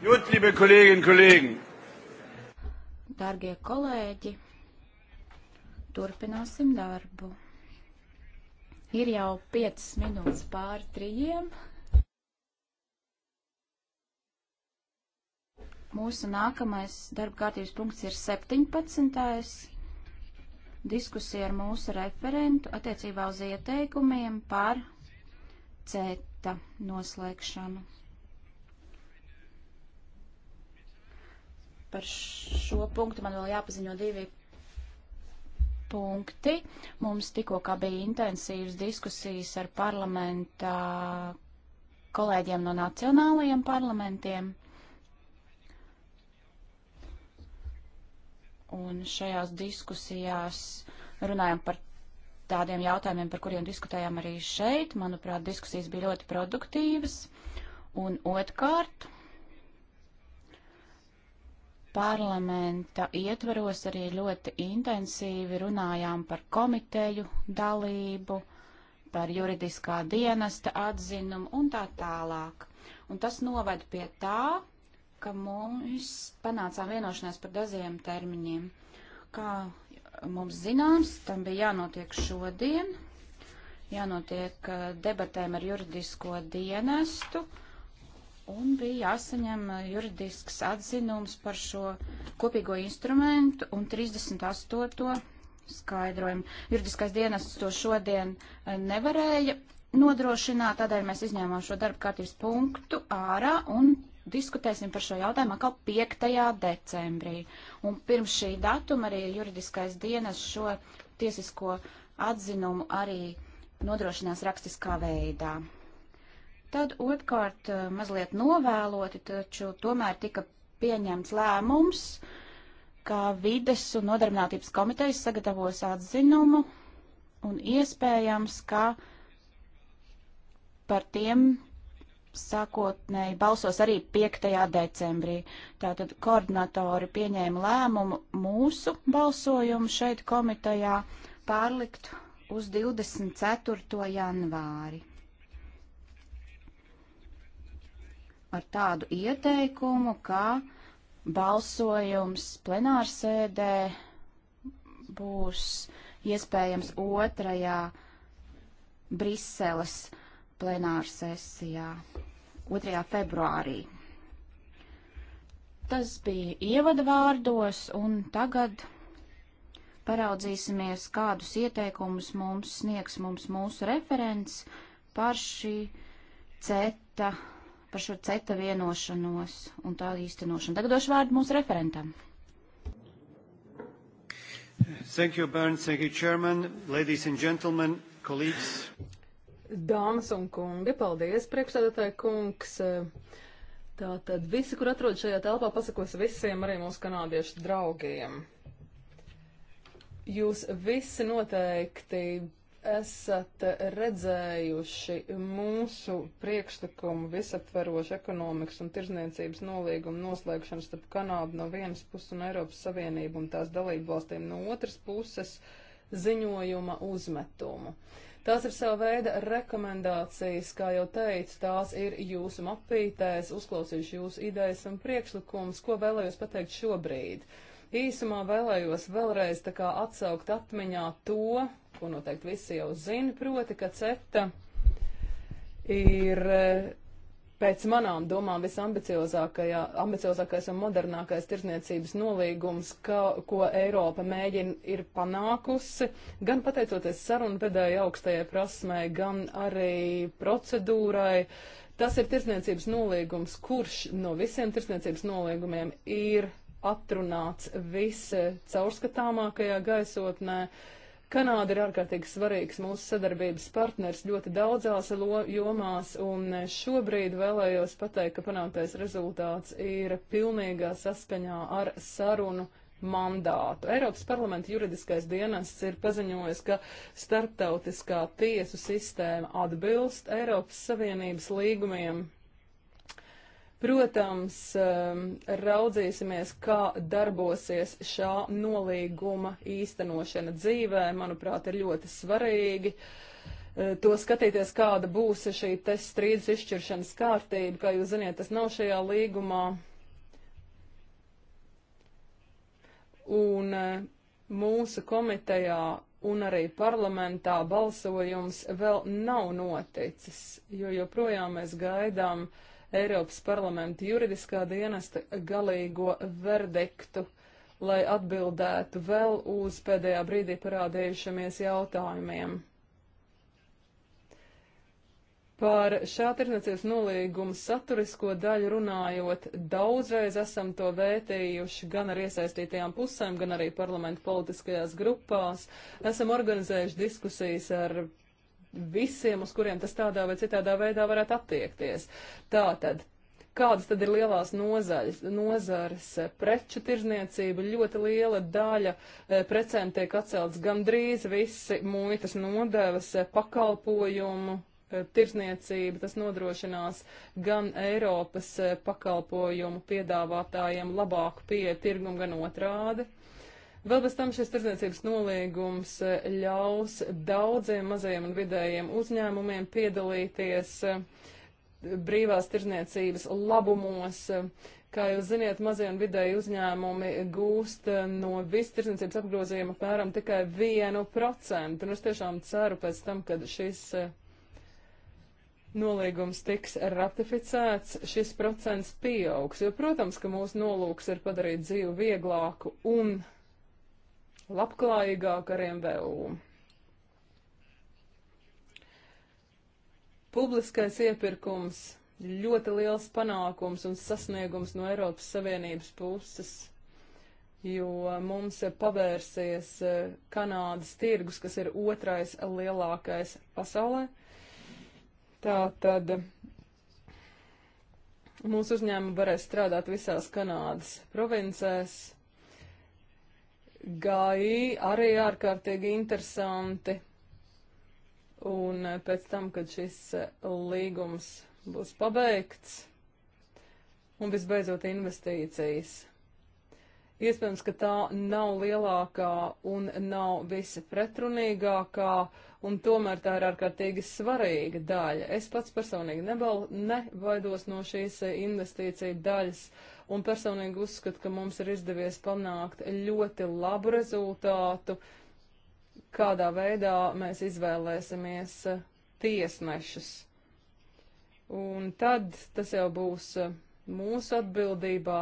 Gut, liebe Kolleginnen und Kollegen. Dargie kolēģi, turpināsim darbu. Ir jau 5 minūtes pāri trījiem. Mūsu nākamais darba kārtības punkts ir 17. diskusija ar mūsu referentu attiecībā uz ieteikumiem par CETA noslēgšanu. Par šo punktu man vēl jāpaziņo divi punkti. Mums tikko kā bija intensīvas diskusijas ar parlamenta kolēģiem no nacionālajiem parlamentiem. Un šajās diskusijās runājam par tādiem jautājumiem, par kuriem diskutējām arī šeit. Manuprāt, diskusijas bija ļoti produktīvas. Un otrkārt, parlamenta ietvaros arī ļoti intensīvi runājām par komiteju dalību, par juridiskā dienesta atzinumu un tā tālāk. Un tas noved pie tā, ka mums panācām vienošanās par daziem termiņiem. Kā mums zināms, tam bija jānotiek šodien, jānotiek eh, debatēm ar juridisko dienestu un bija jāsaņem juridisks atzinums par šo kopīgo instrumentu un 38. skaidrojumu. Juridiskais dienests to šodien eh, nevarēja nodrošināt, tādēļ mēs izņēmām šo darba kārtības punktu ārā un diskutēsim par šo jautājumu atkal 5. decembrī. Un pirms šī datuma arī juridiskais dienests šo tiesisko atzinumu arī nodrošinās rakstiskā veidā. Tad otrkārt, eh, mazliet novēloti, taču tomēr tika pieņemts lēmums, ka vides un nodarbinātības komitejas sagatavos atzinumu un iespējams, ka par tiem sākotnēji balsos arī 5. decembrī. Tātad koordinatori pieņēma lēmumu mūsu balsojumu šeit komitejā pārlikt uz 24. janvāri. ar tādu ieteikumu, ka balsojums plenārsēdē būs iespējams otrajā Briseles plenārsesijā, 2. februārī. Tas bija ievadvārdos, un tagad paraudzīsimies, kādus ieteikumus mums sniegs mums mūsu referents par šī CETA par šo CETA vienošanos un tā īstenošanu. Tagad došu vārdu mūsu referentam. Thank you, Bernd. Thank you, Chairman. Ladies and gentlemen, colleagues. Dāmas un kungi, paldies, priekšstādātāji kungs. Tātad visi, kur atrod šajā telpā, pasakos visiem arī mūsu kanādiešu draugiem. Jūs visi noteikti esat redzējuši mūsu priekšlikumu visaptverošu ekonomikas un tirzniecības nolīgumu noslēgšanu starp Kanādu no vienas puses un Eiropas Savienību un tās dalību valstīm no otras puses ziņojuma uzmetumu. Tās ir sava veida rekomendācijas, kā jau teicu, tās ir jūsu mapītēs, uzklausījuši jūsu idejas un priekšlikumus, ko vēlējos pateikt šobrīd. Īsumā vēlējos vēlreiz tā kā atsaukt atmiņā to, ko noteikti visi jau zina, proti, ka CETA ir eh, pēc manām domām visambiciozākais un modernākais tirsniecības nolīgums, ka, ko Eiropa mēģina ir panākusi, gan pateicoties sarunu pēdējai augstajai prasmē, gan arī procedūrai. Tas ir tirsniecības nolīgums, kurš no visiem tirsniecības nolīgumiem ir atrunāts viss caurskatāmākajā gaisotnē. Uh, Kanāda ir ārkārtīgi svarīgs mūsu sadarbības partners ļoti daudzās jomās, un šobrīd vēlējos pateikt, ka panāktais rezultāts ir pilnīgā saskaņā ar sarunu mandātu. Eiropas parlamenta juridiskais dienests ir paziņojis, ka starptautiskā tiesu sistēma atbilst Eiropas Savienības līgumiem Protams, um, raudzīsimies, kā darbosies šā nolīguma īstenošana dzīvē, manuprāt, ir ļoti svarīgi uh, to skatīties, kāda būs šī strīdus izšķiršanas kārtība. Kā jūs zināt, tas nav šajā līgumā. Un uh, mūsu komitejā un arī parlamentā balsojums vēl nav noticis, jo joprojām mēs gaidām uh, Eiropas parlamenta juridiskā dienesta galīgo verdiktu, lai atbildētu vēl uz pēdējā brīdī parādījušamies jautājumiem. Par šā tirdzniecības nolīguma saturisko daļu runājot, daudzreiz esam to vētījuši gan ar iesaistītajām pusēm, gan arī parlamentu politiskajās grupās. Esam organizējuši diskusijas ar visiem, uz kuriem tas tādā vai citādā veidā varētu attiekties. Tātad, kādas tad ir lielās nozaļas, nozares preču tirzniecība, ļoti liela daļa e, precēm tiek atcelts gandrīz visi muitas nodevas e, pakalpojumu. E, tirzniecība tas nodrošinās gan Eiropas pakalpojumu piedāvātājiem labāku pieeja tirgumu, gan otrādi. Vēl bez tam šis tirdzniecības nolīgums eh, ļaus daudziem mazajiem un vidējiem uzņēmumiem piedalīties eh, brīvās tirzniecības labumos. Kā jūs ziniet, mazie un vidēji uzņēmumi gūst eh, no visu tirzniecības apgrozījuma apmēram tikai 1%. Un nu, es tiešām ceru pēc tam, kad šis nolīgums tiks ratificēts, šis procents pieaugs. Jo, protams, ka mūsu nolūks ir padarīt dzīvi vieglāku un labklājīgāk ar MVU. Publiskais iepirkums ļoti liels panākums un sasniegums no Eiropas Savienības puses, jo mums pavērsies eh, Kanādas tirgus, kas ir otrais lielākais pasaulē. Tā tad mūsu uzņēmumi varēs strādāt visās Kanādas provincēs GAI arī ārkārtīgi interesanti. Un eh, pēc tam, kad šis eh, līgums būs pabeigts, un visbeidzot investīcijas. Iespējams, ka tā nav lielākā un nav visa pretrunīgākā, un tomēr tā ir ārkārtīgi svarīga daļa. Es pats personīgi nebal, nebaidos no šīs eh, investīcija daļas. Uh, un personīgi uzskatu, ka mums ir izdevies panākt ļoti labu rezultātu, kādā veidā mēs izvēlēsimies eh, tiesnešus. Un tad tas jau būs eh, mūsu atbildībā,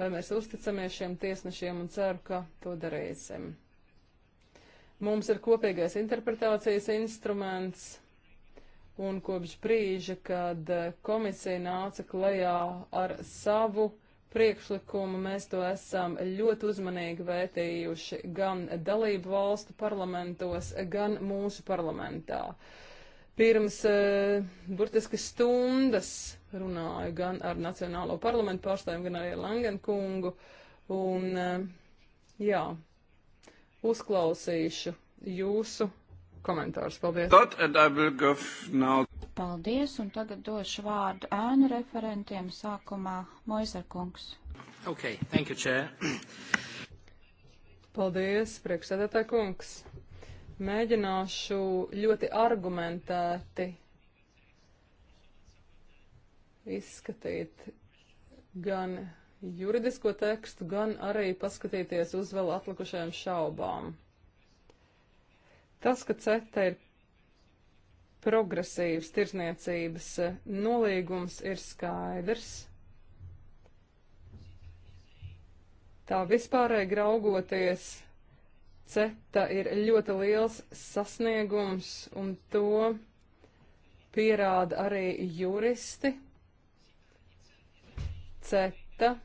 vai mēs uzticamies šiem tiesnešiem un ceru, ka to darīsim. Mums ir kopīgais interpretācijas instruments, un kopš brīža, kad eh, komisija nāca klajā ar savu priekšlikumu, mēs to esam ļoti uzmanīgi vērtījuši gan dalību valstu parlamentos, gan mūsu parlamentā. Pirms e, burtiski stundas runāju gan ar Nacionālo parlamentu pārstāvjiem, gan arī ar Langenkungu, un e, jā, uzklausīšu jūsu komentārus. Paldies. Now... Paldies, un tagad došu vārdu ēnu referentiem sākumā Moizerkungs. Okay, thank you, Chair. Paldies, priekšsēdētā kungs. Mēģināšu ļoti argumentēti izskatīt gan juridisko tekstu, gan arī paskatīties uz vēl atlikušajām šaubām. Tas, ka CETA ir progresīvs tirsniecības eh, nolīgums, ir skaidrs. Tā vispārēji graugoties, CETA ir ļoti liels sasniegums, un to pierāda arī juristi. CETA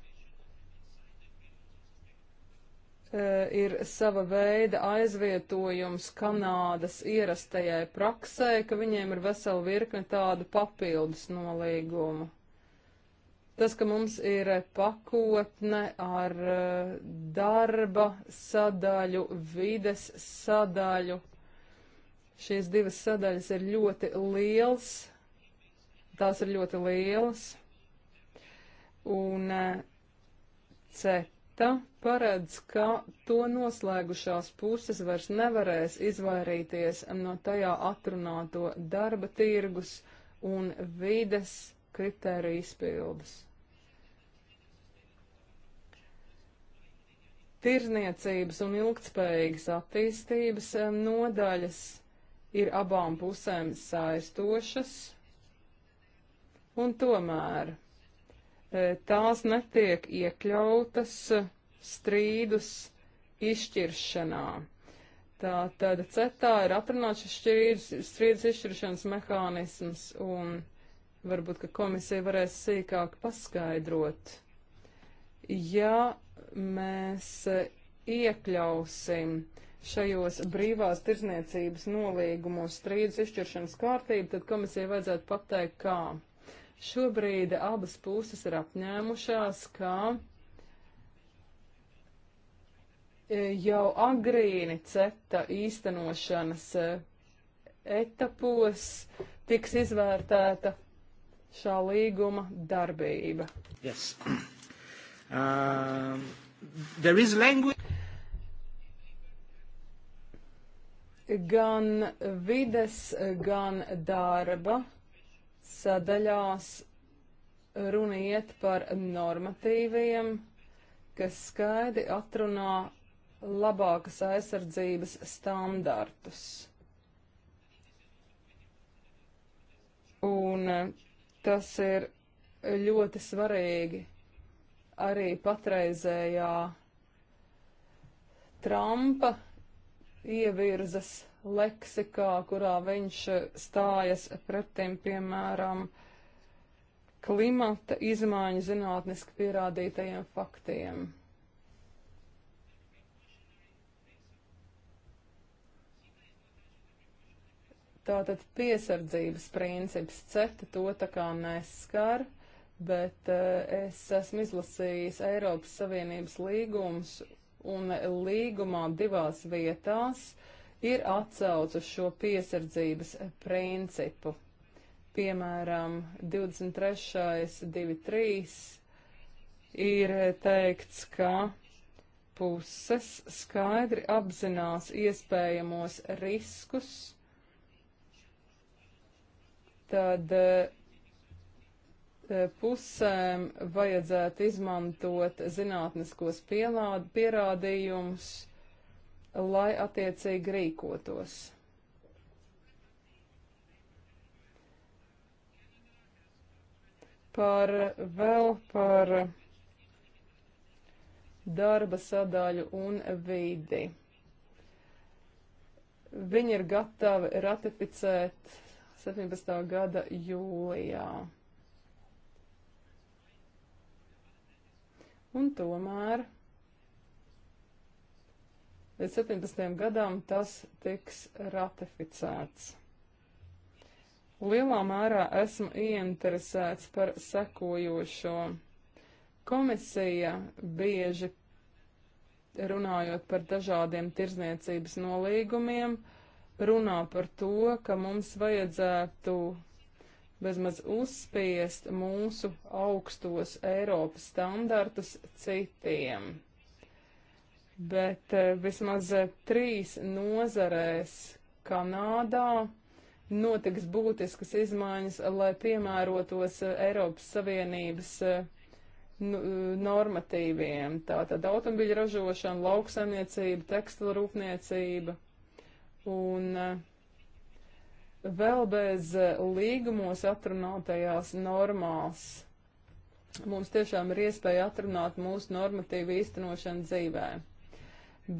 ir sava veida aizvietojums Kanādas ierastajai praksē, ka viņiem ir vesela virkne tādu papildus nolīgumu. Tas, ka mums ir pakotne ar darba sadaļu, vides sadaļu, šīs divas sadaļas ir ļoti liels, tās ir ļoti lielas, un ceta paredz, ka to noslēgušās puses vairs nevarēs izvairīties no tajā atrunāto darba tirgus un vides kritēriju izpildes. Tirzniecības un ilgtspējīgas attīstības eh, nodaļas ir abām pusēm saistošas, un tomēr eh, tās netiek iekļautas strīdus izšķiršanā. Tātad CETA ir atrunāts šis strīdus, strīdus izšķiršanas mehānisms, un varbūt, ka komisija varēs sīkāk paskaidrot. Ja mēs iekļausim šajos brīvās tirzniecības nolīgumos strīdus izšķiršanas kārtību, tad komisija vajadzētu pateikt, kā. Šobrīd abas puses ir apņēmušās, ka jau agrīni ceta īstenošanas eh, etapos tiks izvērtēta šā līguma darbība. Yes. Um, uh, gan vides, gan darba sadaļās runiet par normatīviem, kas skaidri atrunā labākas aizsardzības standartus. Un eh, tas ir ļoti svarīgi arī patreizējā Trumpa ievirzas leksikā, kurā viņš eh, stājas pretim, piemēram, klimata izmaiņu zinātniski pierādītajiem faktiem. Tātad piesardzības princips CETA to tā kā neskar, bet eh, es esmu izlasījis Eiropas Savienības līgumus un līgumā divās vietās ir atcauc uz šo piesardzības principu. Piemēram, 23.23 ir teikts, ka puses skaidri apzinās iespējamos riskus tad eh, pusēm vajadzētu izmantot zinātniskos pielād, pierādījumus, lai attiecīgi rīkotos. Par vēl par darba sadaļu un vidi. Viņi ir gatavi ratificēt 2017. gada jūlijā. Un tomēr līdz 17. gadam tas tiks ratificēts. Lielā mērā esmu ieinteresēts par sekojošo. Komisija bieži runājot par dažādiem tirzniecības nolīgumiem, uh, runā par to, ka mums vajadzētu bezmaz uzspiest mūsu augstos Eiropas standartus citiem. Bet eh, vismaz eh, trīs nozarēs Kanādā notiks būtiskas izmaiņas, lai piemērotos eh, Eiropas Savienības nu, normatīviem. Tātad automobiļu ražošana, lauksaimniecība, tekstilu rūpniecība. Un eh, vēl bez eh, līgumos atrunātajās normās mums tiešām ir iespēja atrunāt mūsu normatīvu īstenošanu dzīvē.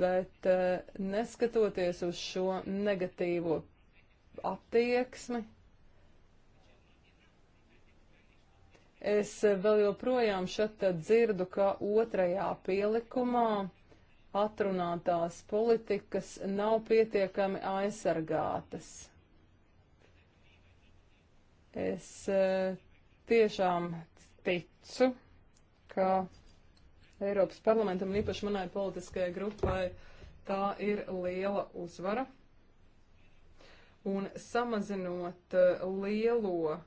Bet eh, neskatoties uz šo negatīvo attieksmi, es vēl joprojām šeit dzirdu, ka otrajā pielikumā atrunātās politikas nav pietiekami aizsargātas. Es eh, tiešām ticu, ka Eiropas parlamentam un īpaši manai politiskajai grupai tā ir liela uzvara. Un samazinot eh, lielo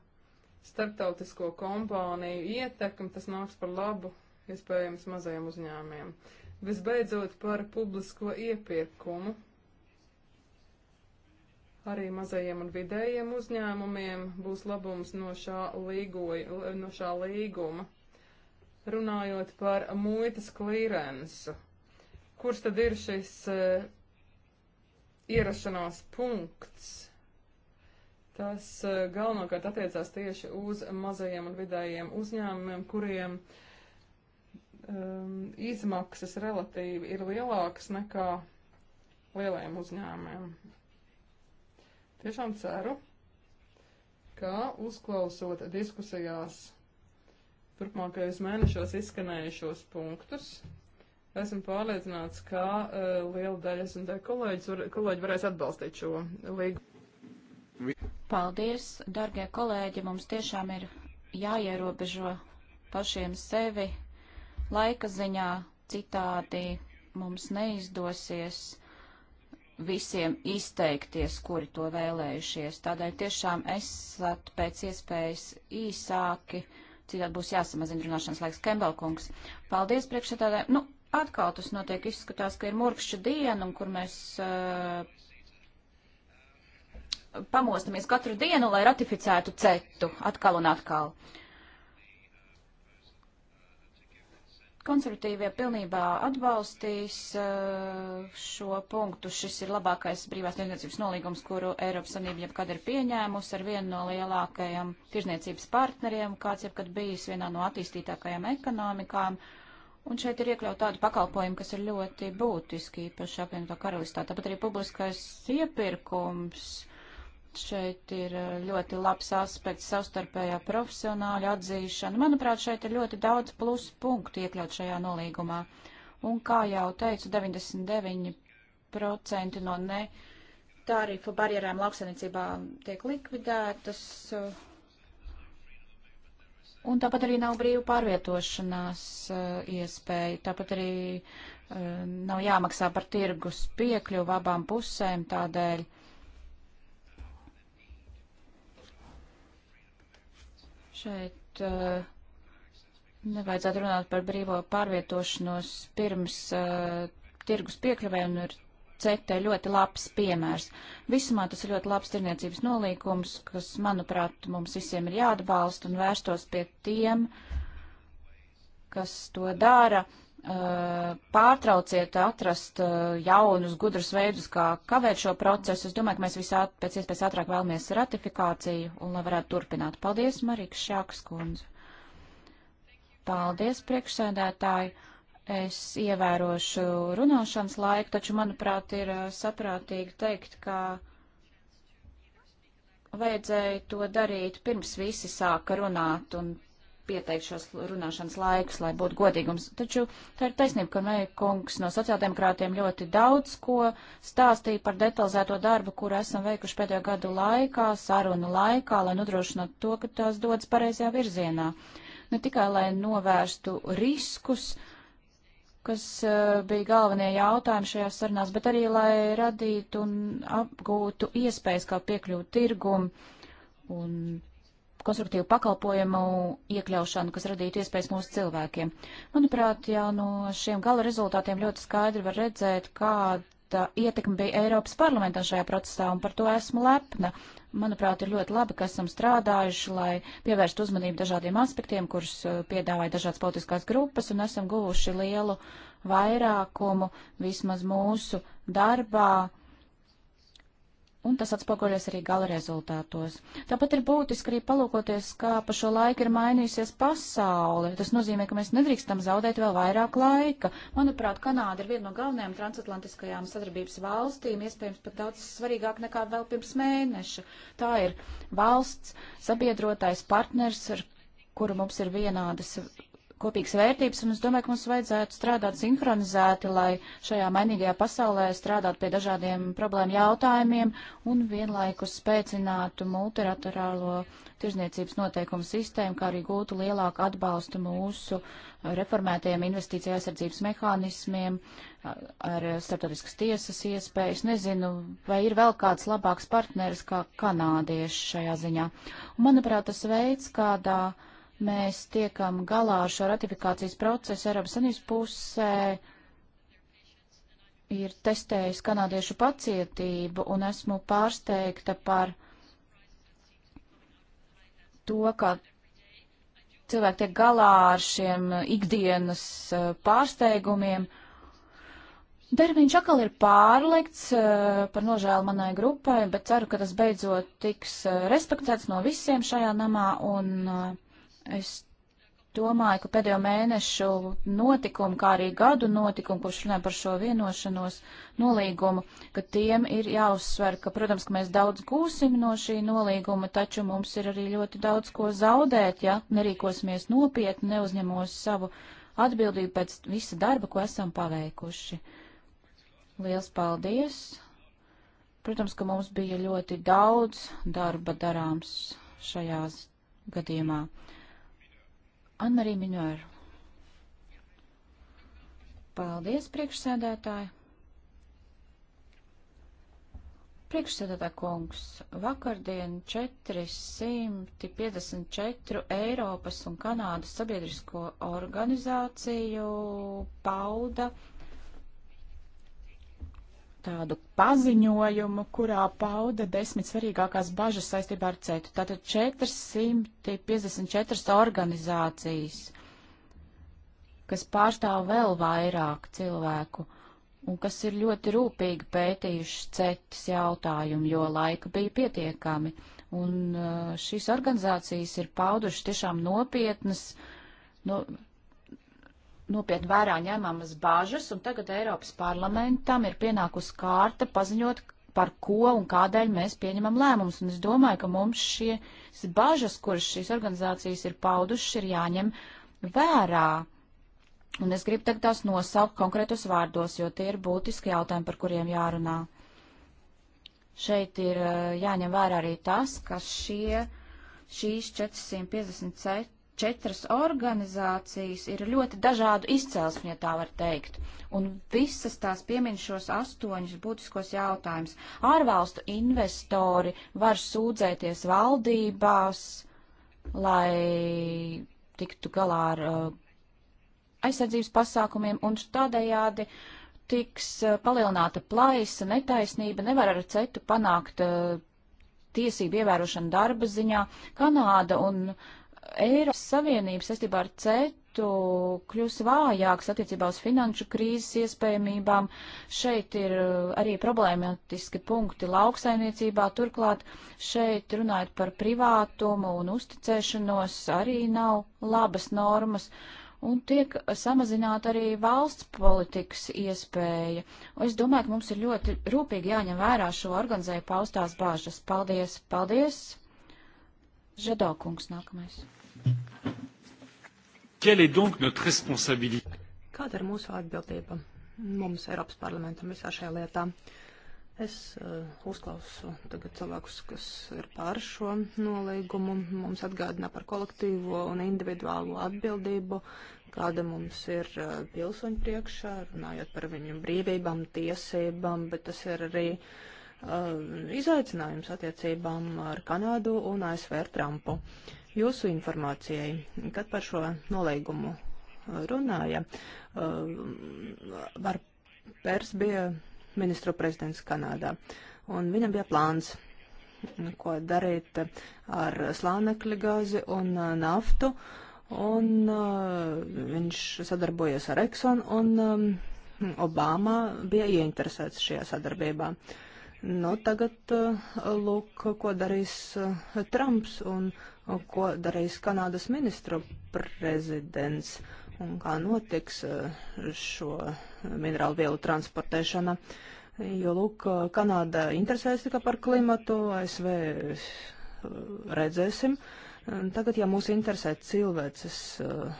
starptautisko kompāniju ietekmi, tas nāks par labu iespējams mazajiem uzņēmiem. Uh, Visbeidzot par publisko iepirkumu. Arī mazajiem un vidējiem uzņēmumiem būs labums no šā, līgoja, no šā līguma. Runājot par muitas klīrensu, kurš tad ir šis uh, ierašanās punkts? Tas uh, galvenokārt attiecās tieši uz mazajiem un vidējiem uzņēmumiem, kuriem uh, um, izmaksas relatīvi ir lielākas nekā lielajiem uzņēmumiem. Tiešām ceru, ka uzklausot diskusijās turpmākajos mēnešos izskanējušos punktus, esmu pārliecināts, ka uh, liela daļa SMT kolēģis var, kolēģi varēs atbalstīt šo līgu. Paldies, dargie kolēģi, mums tiešām ir jāierobežo pašiem sevi laika ziņā, citādi mums neizdosies visiem izteikties, kuri to vēlējušies. Tādēļ tiešām esat pēc iespējas īsāki, citādi būs jāsamazina runāšanas laiks. Kembelkungs, paldies priekšsētādē. Nu, atkal tas notiek, izskatās, ka ir murkšķa diena, un kur mēs uh, pamostamies katru dienu, lai ratificētu cetu atkal un atkal. Uh, Konservatīvie pilnībā atbalstīs eh, šo punktu. Šis ir labākais brīvās tirdzniecības nolīgums, kuru Eiropas Savienība jebkad ir pieņēmusi ar vienu no lielākajiem tirdzniecības partneriem, kāds jebkad bijis vienā no attīstītākajām ekonomikām. Un šeit ir iekļaut tādu pakalpojumu, kas ir ļoti būtiski, īpaši apvienoto karalistā. Tāpat arī publiskais iepirkums Šeit ir eh, ļoti labs aspekts savstarpējā profesionāļa atzīšana. Manuprāt, šeit ir ļoti daudz plusu punktu iekļaut šajā nolīgumā. Un, kā jau teicu, 99% no ne tarifu barjerām lauksaimniecībā tiek likvidētas. Eh, un tāpat arī nav brīva pārvietošanās eh, iespēja. Tāpat arī nav jāmaksā par tirgus piekļuvu abām pusēm tādēļ Šeit uh, nevajadzētu runāt par brīvo pārvietošanos pirms uh, tirgus piekļuvē un ir CETA ļoti labs piemērs. Visumā tas ir ļoti labs tirniecības nolīkums, kas, manuprāt, mums visiem ir jāatbalsta un vērstos pie tiem, kas to dara, Eh, pārtrauciet atrast eh, jaunus, gudrus veidus, kā kavēt šo procesu. Es domāju, ka mēs visā pēc iespējas ātrāk vēlamies ratifikāciju un lai varētu turpināt. Paldies, Marīka Šāks kundze. Paldies, priekšsēdētāji. Es ievērošu runāšanas laiku, taču, manuprāt, ir eh, saprātīgi teikt, ka vajadzēja to darīt pirms visi sāka runāt un pieteikšos runāšanas laikus, lai būtu godīgums. Taču tā ir taisnība, ka Meija kungs no sociāldemokrātiem ļoti daudz ko stāstīja par detalizēto darbu, kuru esam veikuši pēdējo gadu laikā, sarunu laikā, lai nodrošinātu to, ka tās dodas pareizajā virzienā. Ne tikai, lai novērstu riskus, kas eh, bija galvenie jautājumi šajās sarunās, bet arī, lai radītu un apgūtu iespējas, kā piekļūt tirgumu un konstruktīvu pakalpojumu iekļaušanu, kas radītu iespējas mūsu cilvēkiem. Manuprāt, jau no šiem gala rezultātiem ļoti skaidri var redzēt, kāda ietekme bija Eiropas parlamentam šajā procesā, un par to esmu lepna. Manuprāt, ir ļoti labi, ka esam strādājuši, lai pievērstu uzmanību dažādiem aspektiem, kurus uh, piedāvāja dažādas politiskās grupas, un esam guvuši lielu vairākumu vismaz mūsu darbā un tas atspoguļas arī gala rezultātos. Tāpat ir būtiski arī palūkoties, kā pa šo laiku ir mainījusies pasaule. Tas nozīmē, ka mēs nedrīkstam zaudēt vēl vairāk laika. Manuprāt, Kanāda ir viena no galvenajām transatlantiskajām sadarbības valstīm, iespējams pat daudz svarīgāk nekā vēl pirms mēneša. Tā ir valsts, sabiedrotais partners, ar kuru mums ir vienādas kopīgas vērtības, un es domāju, ka mums vajadzētu strādāt sinhronizēti, lai šajā mainīgajā pasaulē strādātu pie dažādiem problēmu jautājumiem un vienlaikus spēcinātu multilaterālo tirzniecības noteikumu sistēmu, kā arī gūtu lielāku atbalstu mūsu reformētajiem investīcija aizsardzības mehānismiem ar starptautiskas tiesas iespējas. Nezinu, vai ir vēl kāds labāks partneris kā kanādieši šajā ziņā. Un, manuprāt, tas veids, kādā. Uh, mēs tiekam galā ar šo ratifikācijas procesu Eiropas Savienības pusē, ir testējis kanādiešu pacietību un esmu pārsteigta par to, ka cilvēki tiek galā ar šiem ikdienas uh, pārsteigumiem. Derviņš atkal ir pārlikts uh, par nožēlu manai grupai, bet ceru, ka tas beidzot tiks uh, respektēts no visiem šajā namā un uh, Es domāju, ka pēdējo mēnešu notikumu, kā arī gadu notikumu, kurš runāja par šo vienošanos nolīgumu, ka tiem ir jāuzsver, ka, protams, ka mēs daudz gūsim no šī nolīguma, taču mums ir arī ļoti daudz ko zaudēt, ja nerīkosimies nopietni, neuzņemos savu atbildību pēc visa darba, ko esam paveikuši. Liels paldies! Protams, ka mums bija ļoti daudz darba darāms šajās gadījumā. Anmarī Miņēra. Paldies, priekšsēdētāji. Priekšsēdētāji kungs, vakardien 454 Eiropas un Kanādas sabiedrisko organizāciju pauda tādu paziņojumu, kurā pauda desmit svarīgākās bažas saistībā ar CETU. Tātad 454 organizācijas, kas pārstāv vēl vairāk cilvēku un kas ir ļoti rūpīgi pētījuši CETAS jautājumu, jo laika bija pietiekami. Un uh, šīs organizācijas ir pauduši tiešām nopietnas. No, nu, nopietni vērā ņemamas bažas, un tagad Eiropas parlamentam ir pienākusi kārta paziņot, par ko un kādēļ mēs pieņemam lēmumus. Un es domāju, ka mums šīs bažas, kuras šīs organizācijas ir paudušas, ir jāņem vērā. Un es gribu tagad tās nosaukt konkrētos vārdos, jo tie ir būtiski jautājumi, par kuriem jārunā. Šeit ir eh, jāņem vērā arī tas, ka šie, šīs 457 četras organizācijas ir ļoti dažādu izcelsmi, ja tā var teikt. Un visas tās piemin šos astoņus būtiskos jautājumus. Ārvalstu investori var sūdzēties valdībās, lai tiktu galā ar uh, aizsardzības pasākumiem un tādējādi tiks uh, palielināta plaisa, netaisnība, nevar ar cetu panākt uh, tiesību ievērošanu darba ziņā. Kanāda un uh, Eiropas Savienība saistībā ar CETU kļūs vājāks attiecībā uz finanšu krīzes iespējamībām. Šeit ir uh, arī problematiski punkti lauksaimniecībā. Turklāt šeit runājot par privātumu un uzticēšanos arī nav labas normas un tiek samazināta arī valsts politikas iespēja. Un es domāju, ka mums ir ļoti rūpīgi jāņem vērā šo organizēju paustās bāžas. Paldies, paldies! Žadokungs nākamais. Quelle est donc notre responsabilité? Kāda ir mūsu atbildība mums Eiropas parlamentam visā šajā lietā? Es uh, uzklausu tagad cilvēkus, kas ir pār šo nolīgumu. Mums atgādina par kolektīvo un individuālo atbildību, kāda mums ir uh, pilsoņu priekšā, runājot par viņu brīvībām, tiesībām, bet tas ir arī uh, izaicinājums attiecībām ar Kanādu un ASV ar Trumpu. Uh, Jūsu informācijai, kad par šo nolīgumu runāja, var uh, Pērs bija ministru prezidents Kanādā, un viņam bija plāns, ko darīt ar slānekļa gāzi un uh, naftu, un uh, viņš sadarbojas ar Exxon, un um, Obama bija ieinteresēts šajā sadarbībā. Nu, tagad, lūk, ko darīs Trumps, un ko darīs Kanādas ministru prezidents un kā notiks eh, šo minerālu vielu transportēšana. Jo, lūk, Kanāda interesēs tikai par klimatu, ASV eh, redzēsim. Uh, Tagad, ja mūs interesē cilvēces uh,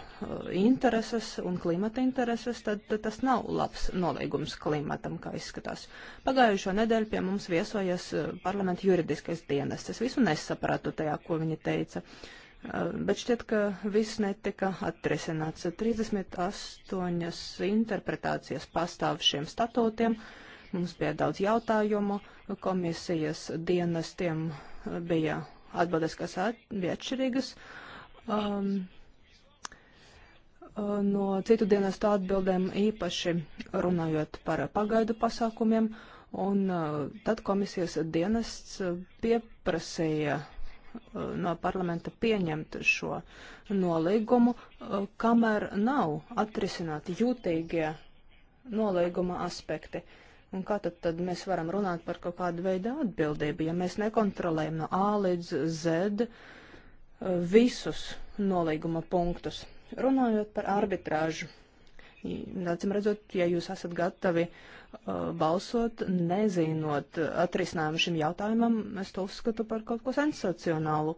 intereses un klimata intereses, tad tas nav labs nolīgums klimatam, kā izskatās. Pagājušo nedēļu pie mums viesojas uh, parlamenta juridiskais dienas. Es visu nesapratu tajā, ko viņi teica. Uh, bet šķiet, ka viss netika atrisināts. 38 interpretācijas pastāv šiem statūtiem. Mums bija daudz jautājumu komisijas dienestiem bija atbildes, kas at, bija atšķirīgas. Um, uh, no citu dienestu atbildēm īpaši runājot par pagaidu pasākumiem, un uh, tad komisijas dienests pieprasīja uh, no parlamenta pieņemt šo nolīgumu, kamēr nav atrisināti jūtīgie nolīguma aspekti. Uh, Un kā tad, tad mēs varam runāt par kaut kādu veidu atbildību, ja mēs nekontrolējam no A līdz Z eh, visus nolīguma punktus? Runājot par arbitrāžu, acīm redzot, ja jūs esat gatavi uh, balsot, nezinot atrisinājumu šim jautājumam, es to uzskatu par kaut ko sensacionālu.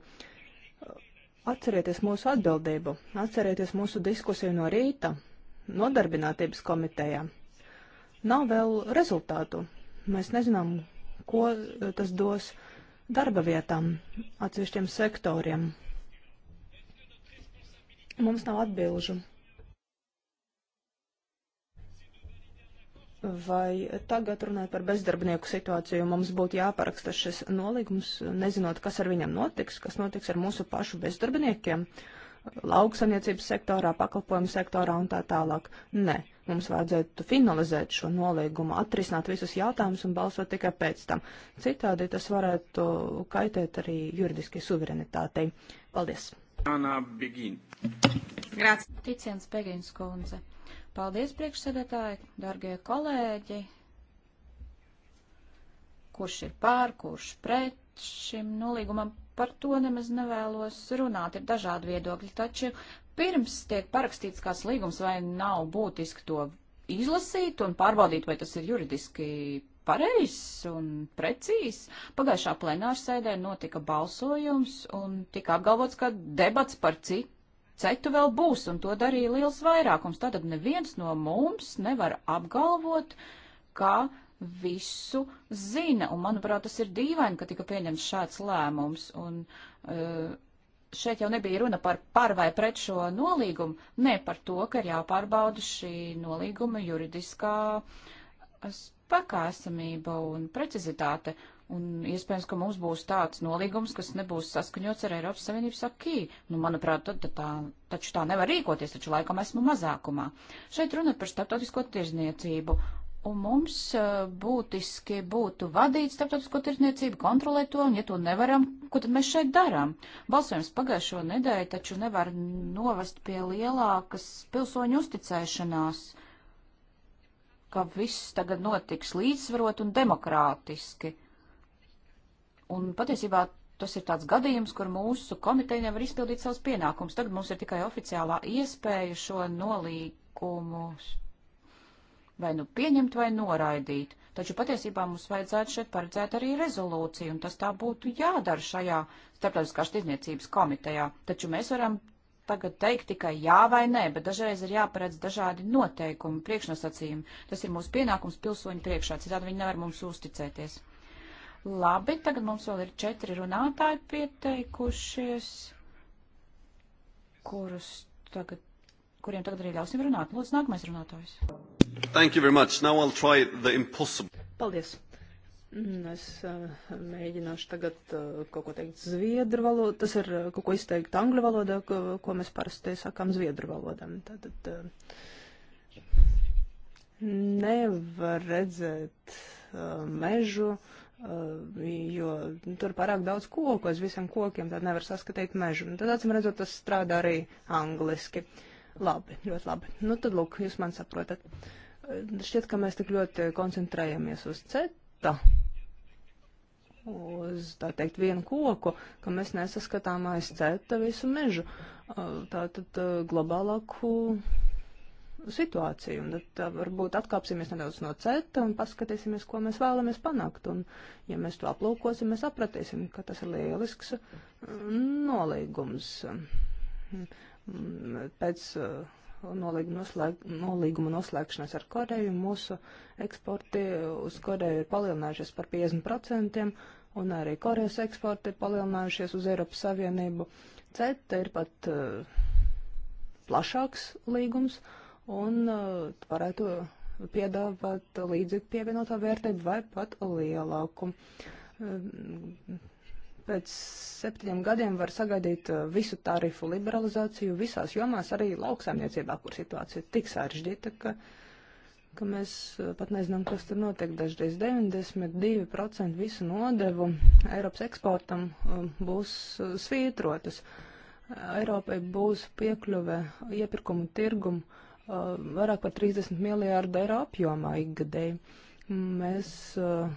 Atcerieties mūsu atbildību, atcerieties mūsu diskusiju no rīta nodarbinātības komitejā. Nav vēl rezultātu. Mēs nezinām, ko eh, tas dos darba vietām, atsevišķiem sektoriem. Mums nav atbilžu. Vai tagad runājot par bezdarbnieku situāciju, mums būtu jāparaksta šis nolīgums, nezinot, kas ar viņam notiks, kas notiks ar mūsu pašu bezdarbniekiem? Uh, lauksaimniecības sektorā, pakalpojumu sektorā un tā tālāk. Nē, mums vajadzētu finalizēt šo nolīgumu, atrisināt visus jautājumus un balsot tikai pēc tam. Citādi tas varētu kaitēt arī juridiskai suverenitātei. Paldies! Anā Begīn. Grāts. Ticiens Begīns kundze. Paldies, priekšsēdētāji, dargie kolēģi. Kurš ir pār, kurš pret šim nolīgumam? par to nemaz nevēlos runāt, ir dažādi viedokļi, taču pirms tiek parakstīts kāds līgums, vai nav būtiski to izlasīt un pārbaudīt, vai tas ir juridiski pareizs un precīzs. Pagājušā plenāra sēdē notika balsojums un tika apgalvots, ka debats par citu. Cetu vēl būs, un to darīja liels vairākums. Tātad neviens no mums nevar apgalvot, ka uh, visu zina. Un, manuprāt, tas ir dīvaini, ka tika pieņemts šāds lēmums. Un, uh, Šeit jau nebija runa par par vai pret šo nolīgumu, ne par to, ka ir jāpārbauda šī nolīguma juridiskā eh, spēkā esamība un precizitāte. Un iespējams, ka mums būs tāds nolīgums, kas nebūs saskaņots ar Eiropas Savienības akī. Nu, manuprāt, tad, tad tā, taču tā nevar rīkoties, taču laikam esmu mazākumā. Šeit runa par starptautisko tirzniecību, Un mums eh, būtiski būtu vadīt starptautisko tirsniecību, kontrolēt to, un ja to nevaram, ko tad mēs šeit darām? Balsojums pagājušo nedēļu taču nevar novest pie lielākas pilsoņu uzticēšanās, ka viss tagad notiks līdzsvarot un demokrātiski. Un patiesībā tas ir tāds gadījums, kur mūsu komiteja nevar izpildīt savus pienākumus. Tagad mums ir tikai oficiālā iespēja šo nolīgumu vai nu pieņemt, vai noraidīt. Taču patiesībā mums vajadzētu šeit paredzēt arī rezolūciju, un tas tā būtu jādara šajā starptautiskās tirdzniecības komitejā. Taču mēs varam tagad teikt tikai jā vai nē, bet dažreiz ir jāparedz dažādi noteikumi, priekšnosacījumi. Tas ir mūsu pienākums pilsoņu priekšā, citādi viņi nevar mums uzticēties. Labi, tagad mums vēl ir četri runātāji pieteikušies, kurus tagad kuriem tagad arī ļausim runāt. Lūdzu, nākamais runātājs. Thank you very much. Now I'll try the impossible. Paldies. Mm, es uh, mēģināšu tagad uh, kaut ko teikt zviedru valodā. Tas ir uh, kaut ko izteikt angļu valodā, ko, ko mēs parasti sakām zviedru valodā. Tātad nevar redzēt mežu, jo tur pārāk daudz koku, aiz visiem kokiem tad nevar saskatīt mežu. Nu, tad, acīm redzot, tas strādā arī angliski. Uh, Labi, ļoti labi. Nu tad, lūk, jūs man saprotat. Šķiet, ka mēs tik ļoti koncentrējamies uz CETA, uz, tā teikt, vienu koku, ka mēs nesaskatām aiz CETA visu mežu. Tātad globālāku situāciju. Un tad varbūt atkāpsimies nedaudz no CETA un paskatīsimies, ko mēs vēlamies panākt. Un, ja mēs to aplūkosim, mēs sapratīsim, ka tas ir lielisks nolīgums. Pēc uh, nolīguma, noslēg, nolīguma noslēgšanas ar Koreju mūsu eksporti uz Koreju ir palielinājušies par 50%, un arī Korejas eksporti ir palielinājušies uz Eiropas Savienību. CETA ir pat uh, plašāks līgums, un uh, varētu piedāvāt līdzīgu pievienoto vērtību vai pat lielāku. Um, pēc septiņiem gadiem var sagaidīt uh, visu tarifu liberalizāciju visās jomās, arī lauksaimniecībā, kur situācija ir tik sarežģīta, ka, ka mēs uh, pat nezinām, kas tur notiek. Dažreiz 92% visu nodevu Eiropas eksportam um, būs uh, svītrotas. Eiropai būs piekļuve iepirkumu tirgumu vairāk par 30 miljārdu eiro apjomā ikgadēji. Mēs uh,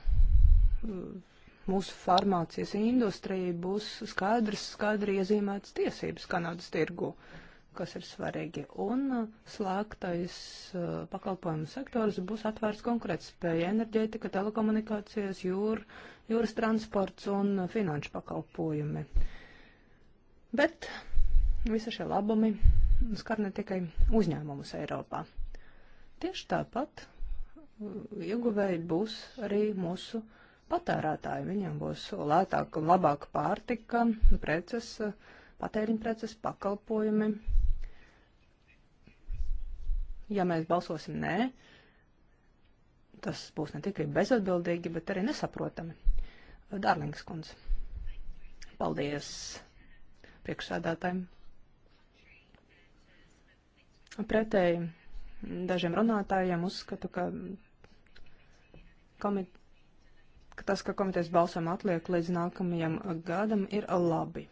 mūsu farmācijas industrija būs skaidrs, skaidri iezīmētas tiesības Kanādas tirgu, kas ir svarīgi. Un uh, slēgtais uh, pakalpojumu sektors būs atvērts konkurētspēja enerģētika, telekomunikācijas, jūr, jūras transports un uh, finanšu pakalpojumi. Bet visi šie labumi skar ne tikai uzņēmumus Eiropā. Tieši tāpat ieguvēji būs arī mūsu uzņēmumi patērētāji. Viņiem būs lētāka un labāka pārtika, preces, patēriņa preces, pakalpojumi. Ja mēs balsosim nē, tas būs ne tikai bezatbildīgi, bet arī nesaprotami. Dārlings kundze, paldies priekšsēdētājiem. Pretēji dažiem runātājiem uzskatu, ka komiteja ka tas, ka komitejas balsojuma atliek līdz nākamajam gadam, ir labi.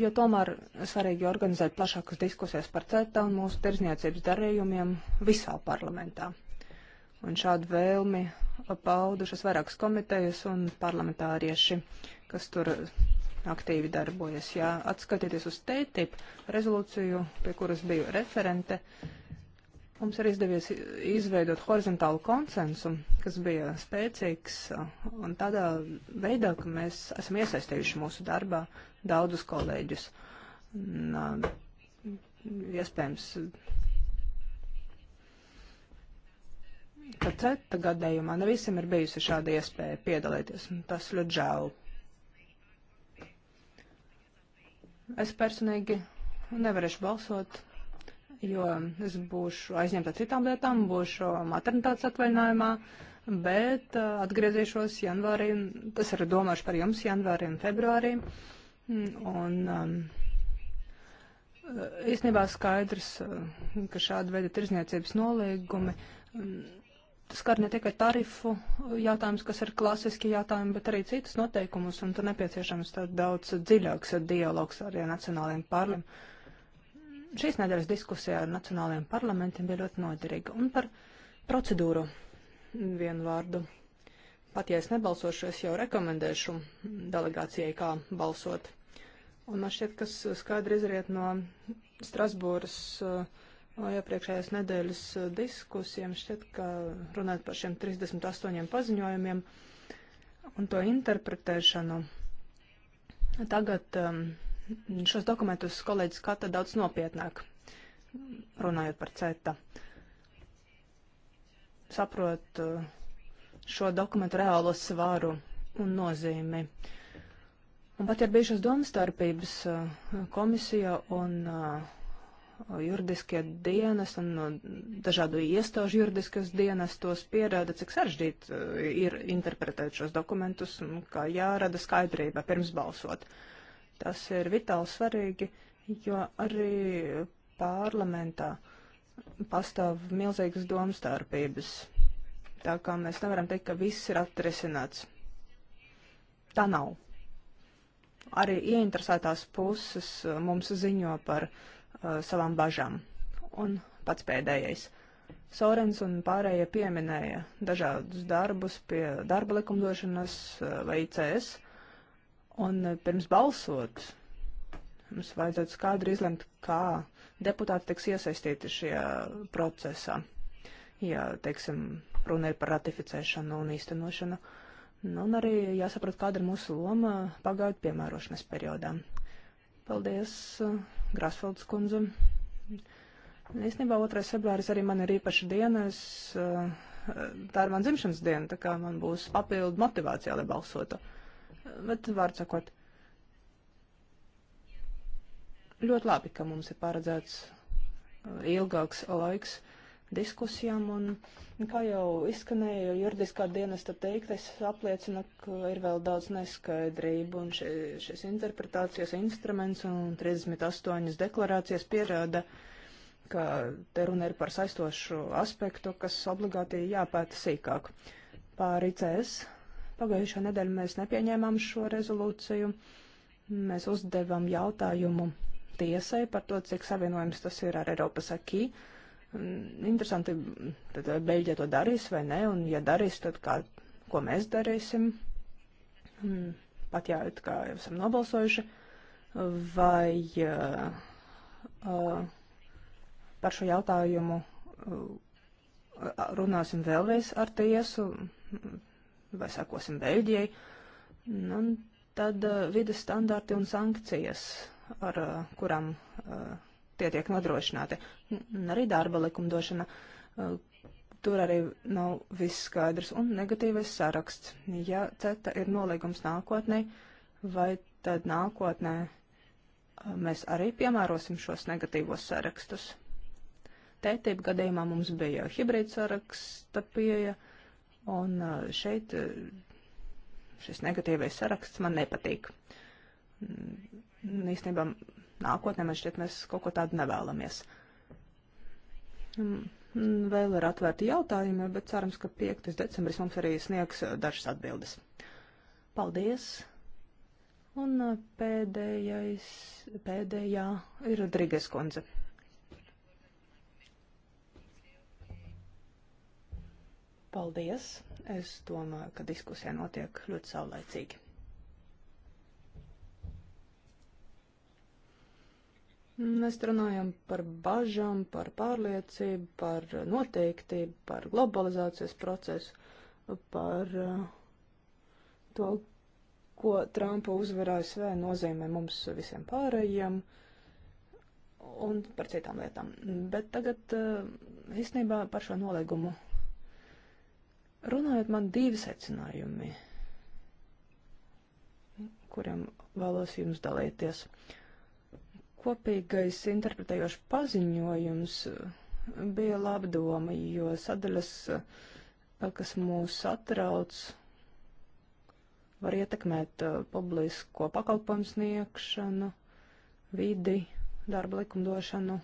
Jo tomēr svarīgi organizēt plašākas diskusijas par CETA un mūsu tirzniecības darījumiem visā parlamentā. Un šādu vēlmi paudušas vairākas komitejas un parlamentārieši, kas tur aktīvi darbojas. Jā, atskatieties uz TTIP rezolūciju, pie kuras biju referente, Mums ir izdevies izveidot horizontālu konsensu, kas bija spēcīgs uh, un tādā veidā, ka mēs esam iesaistījuši mūsu darbā daudzus kolēģus. Un, uh, iespējams, ka ceta gadējumā ne visiem ir bijusi šāda iespēja piedalīties, un tas ļoti žēl. Es personīgi nevarēšu balsot jo es būšu aizņemta citām lietām, būšu maternitātes atvaļinājumā, bet uh, atgriezīšos janvārī, tas arī domāšu par jums janvārī un februārī. Un um, uh, īstenībā skaidrs, uh, ka šāda veida tirzniecības nolīgumi um, skar ne tikai tarifu jautājumus, kas ir klasiski jautājumi, bet arī citus noteikumus, un tur nepieciešams daudz dziļāks dialogs ar ja, nacionāliem pārliem. Uh, Šīs nedēļas diskusija ar nacionālajiem parlamentiem bija ļoti noderīga. Un par procedūru vienu vārdu. Pat ja es nebalsošu, es jau rekomendēšu delegācijai, kā balsot. Un man šķiet, kas skaidri izriet no Strasbūras no uh, iepriekšējās nedēļas uh, diskusijām, šķiet, ka runāt par šiem 38 paziņojumiem un to interpretēšanu. Tagad um, Šos dokumentus kolēģis skata daudz nopietnāk, runājot par CETA. Saprotu eh, šo dokumentu reālo svaru un nozīmi. Un pat ir bijušas domstarpības eh, komisija un eh, juridiskie dienas un dažādu iestāžu juridiskas dienas tos pierāda, cik sarežģīti ir interpretēt šos dokumentus un kā jārada skaidrība pirms balsot. Uh, Tas ir vitāli svarīgi, jo arī parlamentā pastāv milzīgas domstarpības. Tā kā mēs nevaram teikt, ka viss ir atrisināts. Tā nav. Arī ieinteresētās puses uh, mums ziņo par uh, savām bažām. Un pats pēdējais. Sorens un pārējie pieminēja dažādus darbus pie darba likumdošanas uh, vai ICS. Uh, Un eh, pirms balsot, mums vajadzētu skaidri izlemt, kā deputāti tiks iesaistīti šajā procesā. Ja, teiksim, runa ir par ratificēšanu un īstenošanu. Nu, un arī jāsaprot, kāda ir mūsu loma pagaidu piemērošanas periodā. Paldies, eh, Grasfelds kundze. Īstenībā 2. februāris arī man ir īpaša diena. Es, eh, tā ir man dzimšanas diena, tā kā man būs papildu motivācija, lai balsotu. Uh, Bet, vārds sakot, ļoti labi, ka mums ir paredzēts uh, ilgāks laiks diskusijām, un kā jau izskanēja juridiskā dienesta teiktais, apliecina, ka ir vēl daudz neskaidrību, un še, šis interpretācijas instruments un 38 deklarācijas pierāda, ka te runa ir par saistošu aspektu, kas obligāti jāpēta sīkāk. Pār ICS Pagājušā nedēļa mēs nepieņēmām šo rezolūciju. Mēs uzdevām jautājumu tiesai par to, cik savienojums tas ir ar Eiropas akī. Interesanti, tad Beļģija to darīs vai nē, un ja darīs, tad kā, ko mēs darīsim? Pat jā, it kā jau esam nobalsojuši, vai uh, uh, par šo jautājumu uh, runāsim vēlreiz ar tiesu, vai sekosim Beļģijai. Nu, un tad uh, vidas standarti un sankcijas, ar uh, kurām uh, tie tiek nodrošināti. Un arī darba likumdošana. Uh, tur arī nav viss skaidrs. Un negatīvais saraksts. Ja CETA ir nolīgums nākotnē, vai tad nākotnē mēs arī piemērosim šos negatīvos sarakstus? Tētību gadījumā mums bija hibrīd saraksta pieeja. Uh, Un uh, šeit uh, šis negatīvais saraksts man nepatīk. Mm, īstenībā nākotnē man šķiet, mēs kaut ko tādu nevēlamies. Mm, vēl ir atvērti jautājumi, bet cerams, ka 5. decembris mums arī sniegs uh, dažas atbildes. Paldies! Un pēdējais, pēdējā ir Rodrigas koncepcija. Paldies! Es domāju, ka diskusija notiek ļoti saulēcīgi. Mēs runājam par bažām, par pārliecību, par noteiktību, par globalizācijas procesu, par uh, to, ko Trumpa uzvarā SV nozīmē mums visiem pārējiem un par citām lietām. Bet tagad uh, īstenībā par šo nolīgumu Runājot, man divi secinājumi, kuriem vēlos jums dalīties. Kopīgais interpretējošs paziņojums uh, bija labdoma, jo sadaļas, uh, kas mūs satrauc, var ietekmēt uh, publisko pakalpojumu sniegšanu, vidi, darba likumdošanu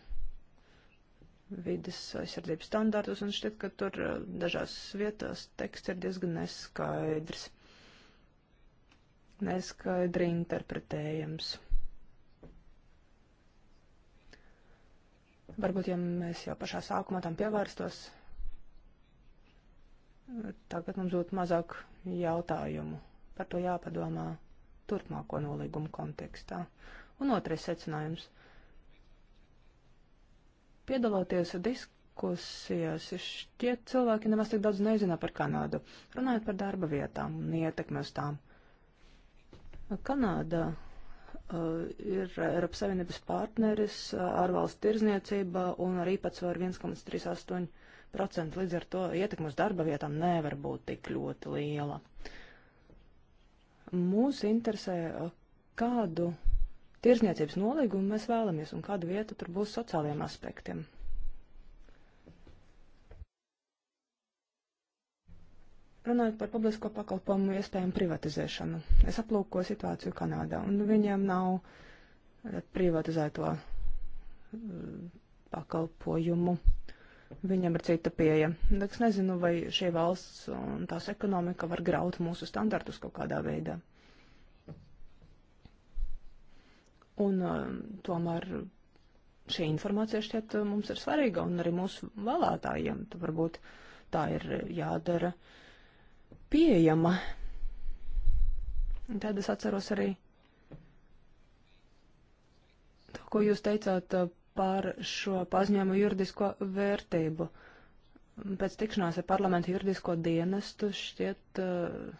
vidas aizsardzības standārtus, un šķiet, ka tur eh, dažās vietās teksts ir diezgan neskaidrs, neskaidri interpretējams. Varbūt, ja mēs jau pašā sākumā tam pievērstos, tagad mums būtu mazāk jautājumu. Par to jāpadomā turpmāko nolīgumu kontekstā. Un otrais secinājums piedaloties diskusijās, šķiet cilvēki nemaz tik daudz nezina par Kanādu, runājot par darba vietām un ietekmi uz tām. Kanāda uh, ir Eiropas Savienības partneris uh, ārvalstu tirzniecībā un ar īpatsvaru 1,38%. Līdz ar to ietekmes darba vietām nevar būt tik ļoti liela. Mūs interesē, uh, kādu tirsniecības nolīgumu mēs vēlamies un kāda vieta tur būs sociālajiem aspektiem. Runājot par publisko pakalpojumu iespējumu privatizēšanu, es aplūkoju situāciju Kanādā, un viņiem nav eh, privatizēto eh, pakalpojumu. Viņam ir cita pieeja. Es nezinu, vai šī valsts un tās ekonomika var graut mūsu standartus kaut kādā veidā. Uh, Un um, tomēr šī informācija šķiet uh, mums ir svarīga un arī mūsu vēlētājiem. Tad varbūt tā ir jādara pieejama. Un tad es atceros arī to, ko jūs teicāt uh, par šo paziņojumu juridisko vērtību. Pēc tikšanās ar parlamentu juridisko dienestu šķiet uh,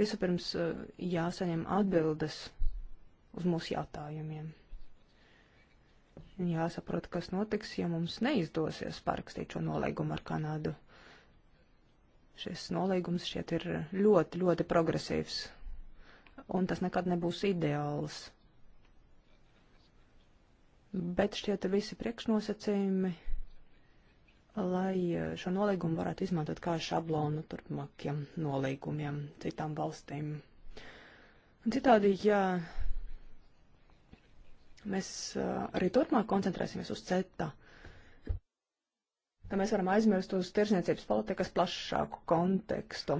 visupirms uh, jāsaņem atbildes uz mūsu jautājumiem. Jāsaprot, kas notiks, ja mums neizdosies parakstīt šo nolīgumu ar Kanādu. Šis nolīgums šeit ir ļoti, ļoti progresīvs, un tas nekad nebūs ideāls. Bet šķiet visi priekšnosacījumi, lai šo nolīgumu varētu izmantot kā šablonu turpmākiem nolīgumiem citām valstīm. Un citādi, ja Mēs eh, arī turpmāk koncentrēsimies uz CETA. Tā mēs varam aizmirst uz tirsniecības politikas plašāku kontekstu.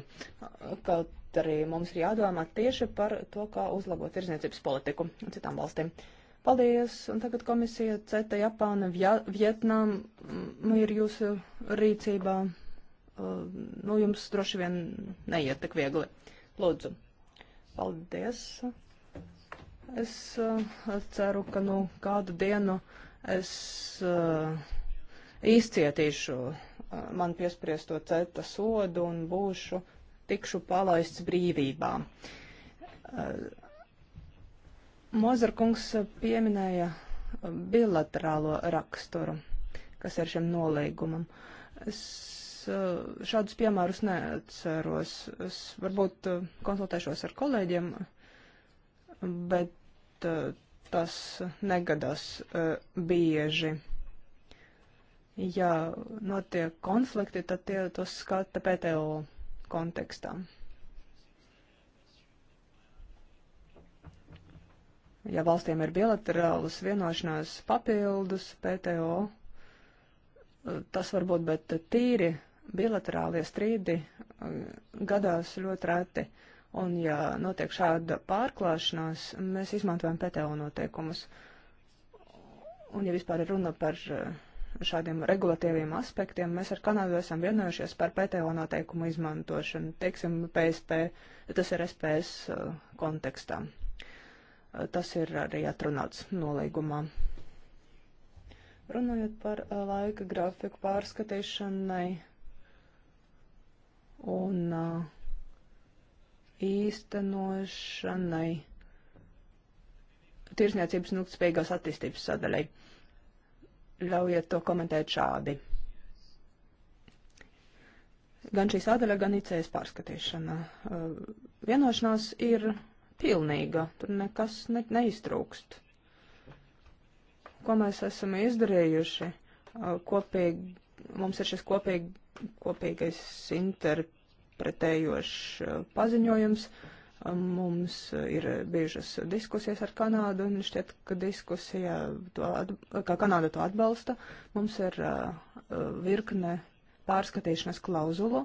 Kaut arī mums ir jādomā tieši par to, kā uzlabot tirsniecības politiku citām valstīm. Paldies! Un tagad komisija CETA Japāna Vietnam nu, ir jūsu rīcībā. Eh, nu, jums droši vien neiet tik viegli. Lūdzu. Paldies! Es uh, ceru, ka nu, kādu dienu es uh, izcietīšu uh, man piespriesto ceta sodu un būšu, tikšu palaists brīvībā. Uh, Mozarkungs pieminēja bilaterālo raksturu, kas ir šim nolīgumam. Es šādus piemērus neatceros. Es varbūt konsultēšos ar kolēģiem. Uh, bet uh, tas negadās uh, bieži. Ja notiek konflikti, tad tie tos skata PTO kontekstā. Ja valstīm ir bilaterālas vienošanās papildus PTO, uh, tas var būt, bet tīri bilaterālie strīdi gadās ļoti reti. Uh, Un, ja notiek šāda pārklāšanās, mēs izmantojam PTO noteikumus. Un, ja vispār ir runa par eh, šādiem regulatīviem aspektiem, mēs ar Kanādu esam vienojušies par PTO noteikumu izmantošanu, teiksim, PSP, tas ir SPS eh, kontekstā. Eh, tas ir arī atrunāts nolīgumā. Runājot par laika grafiku pārskatīšanai un uh, īstenošanai tirsniecības un ilgspējīgās attīstības sadaļai. Ļaujiet to komentēt šādi. Gan šī sadaļa, gan ICS pārskatīšana. Uh, vienošanās ir pilnīga, tur nekas ne, neiztrūkst. Ko mēs esam izdarījuši? Uh, kopīgi, mums ir šis kopīgi, kopīgais interp pretējošs uh, paziņojums. Um, mums uh, ir bijušas diskusijas ar Kanādu, un šķiet, ka diskusija, to, ka Kanāda to atbalsta. Mums ir uh, virkne pārskatīšanas klauzulu.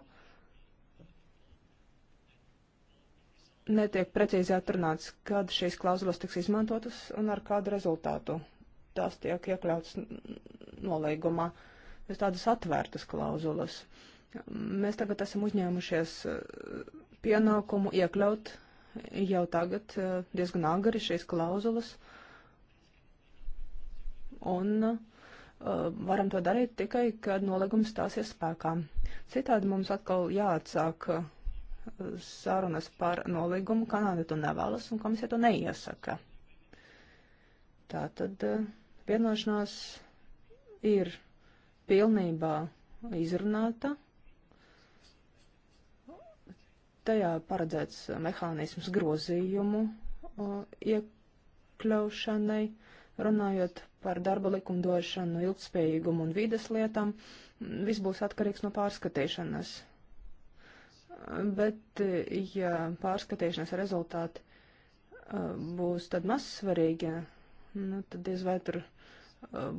Netiek precīzi atrunāts, kad šīs klauzulas tiks izmantotas un ar kādu rezultātu. Tās tiek iekļautas nolīgumā. Es tādas atvērtas klauzulas. Uh, Mēs tagad esam uzņēmušies eh, pienākumu iekļaut jau tagad eh, diezgan agri šīs klauzulas, un eh, varam to darīt tikai, kad nolīgums stāsies spēkā. Citādi mums atkal jāatsāk sarunas par nolīgumu, Kanāda to nevēlas un komisija to neiesaka. Tātad vienošanās ir pilnībā izrunāta Tajā paredzēts uh, mehānisms grozījumu uh, iekļaušanai, runājot par darba likumdošanu, ilgspējīgumu un vides lietām. Viss būs atkarīgs no pārskatīšanas. Uh, bet, ja pārskatīšanas rezultāti būs tad mazsvarīgi, nu, tad diez vai tur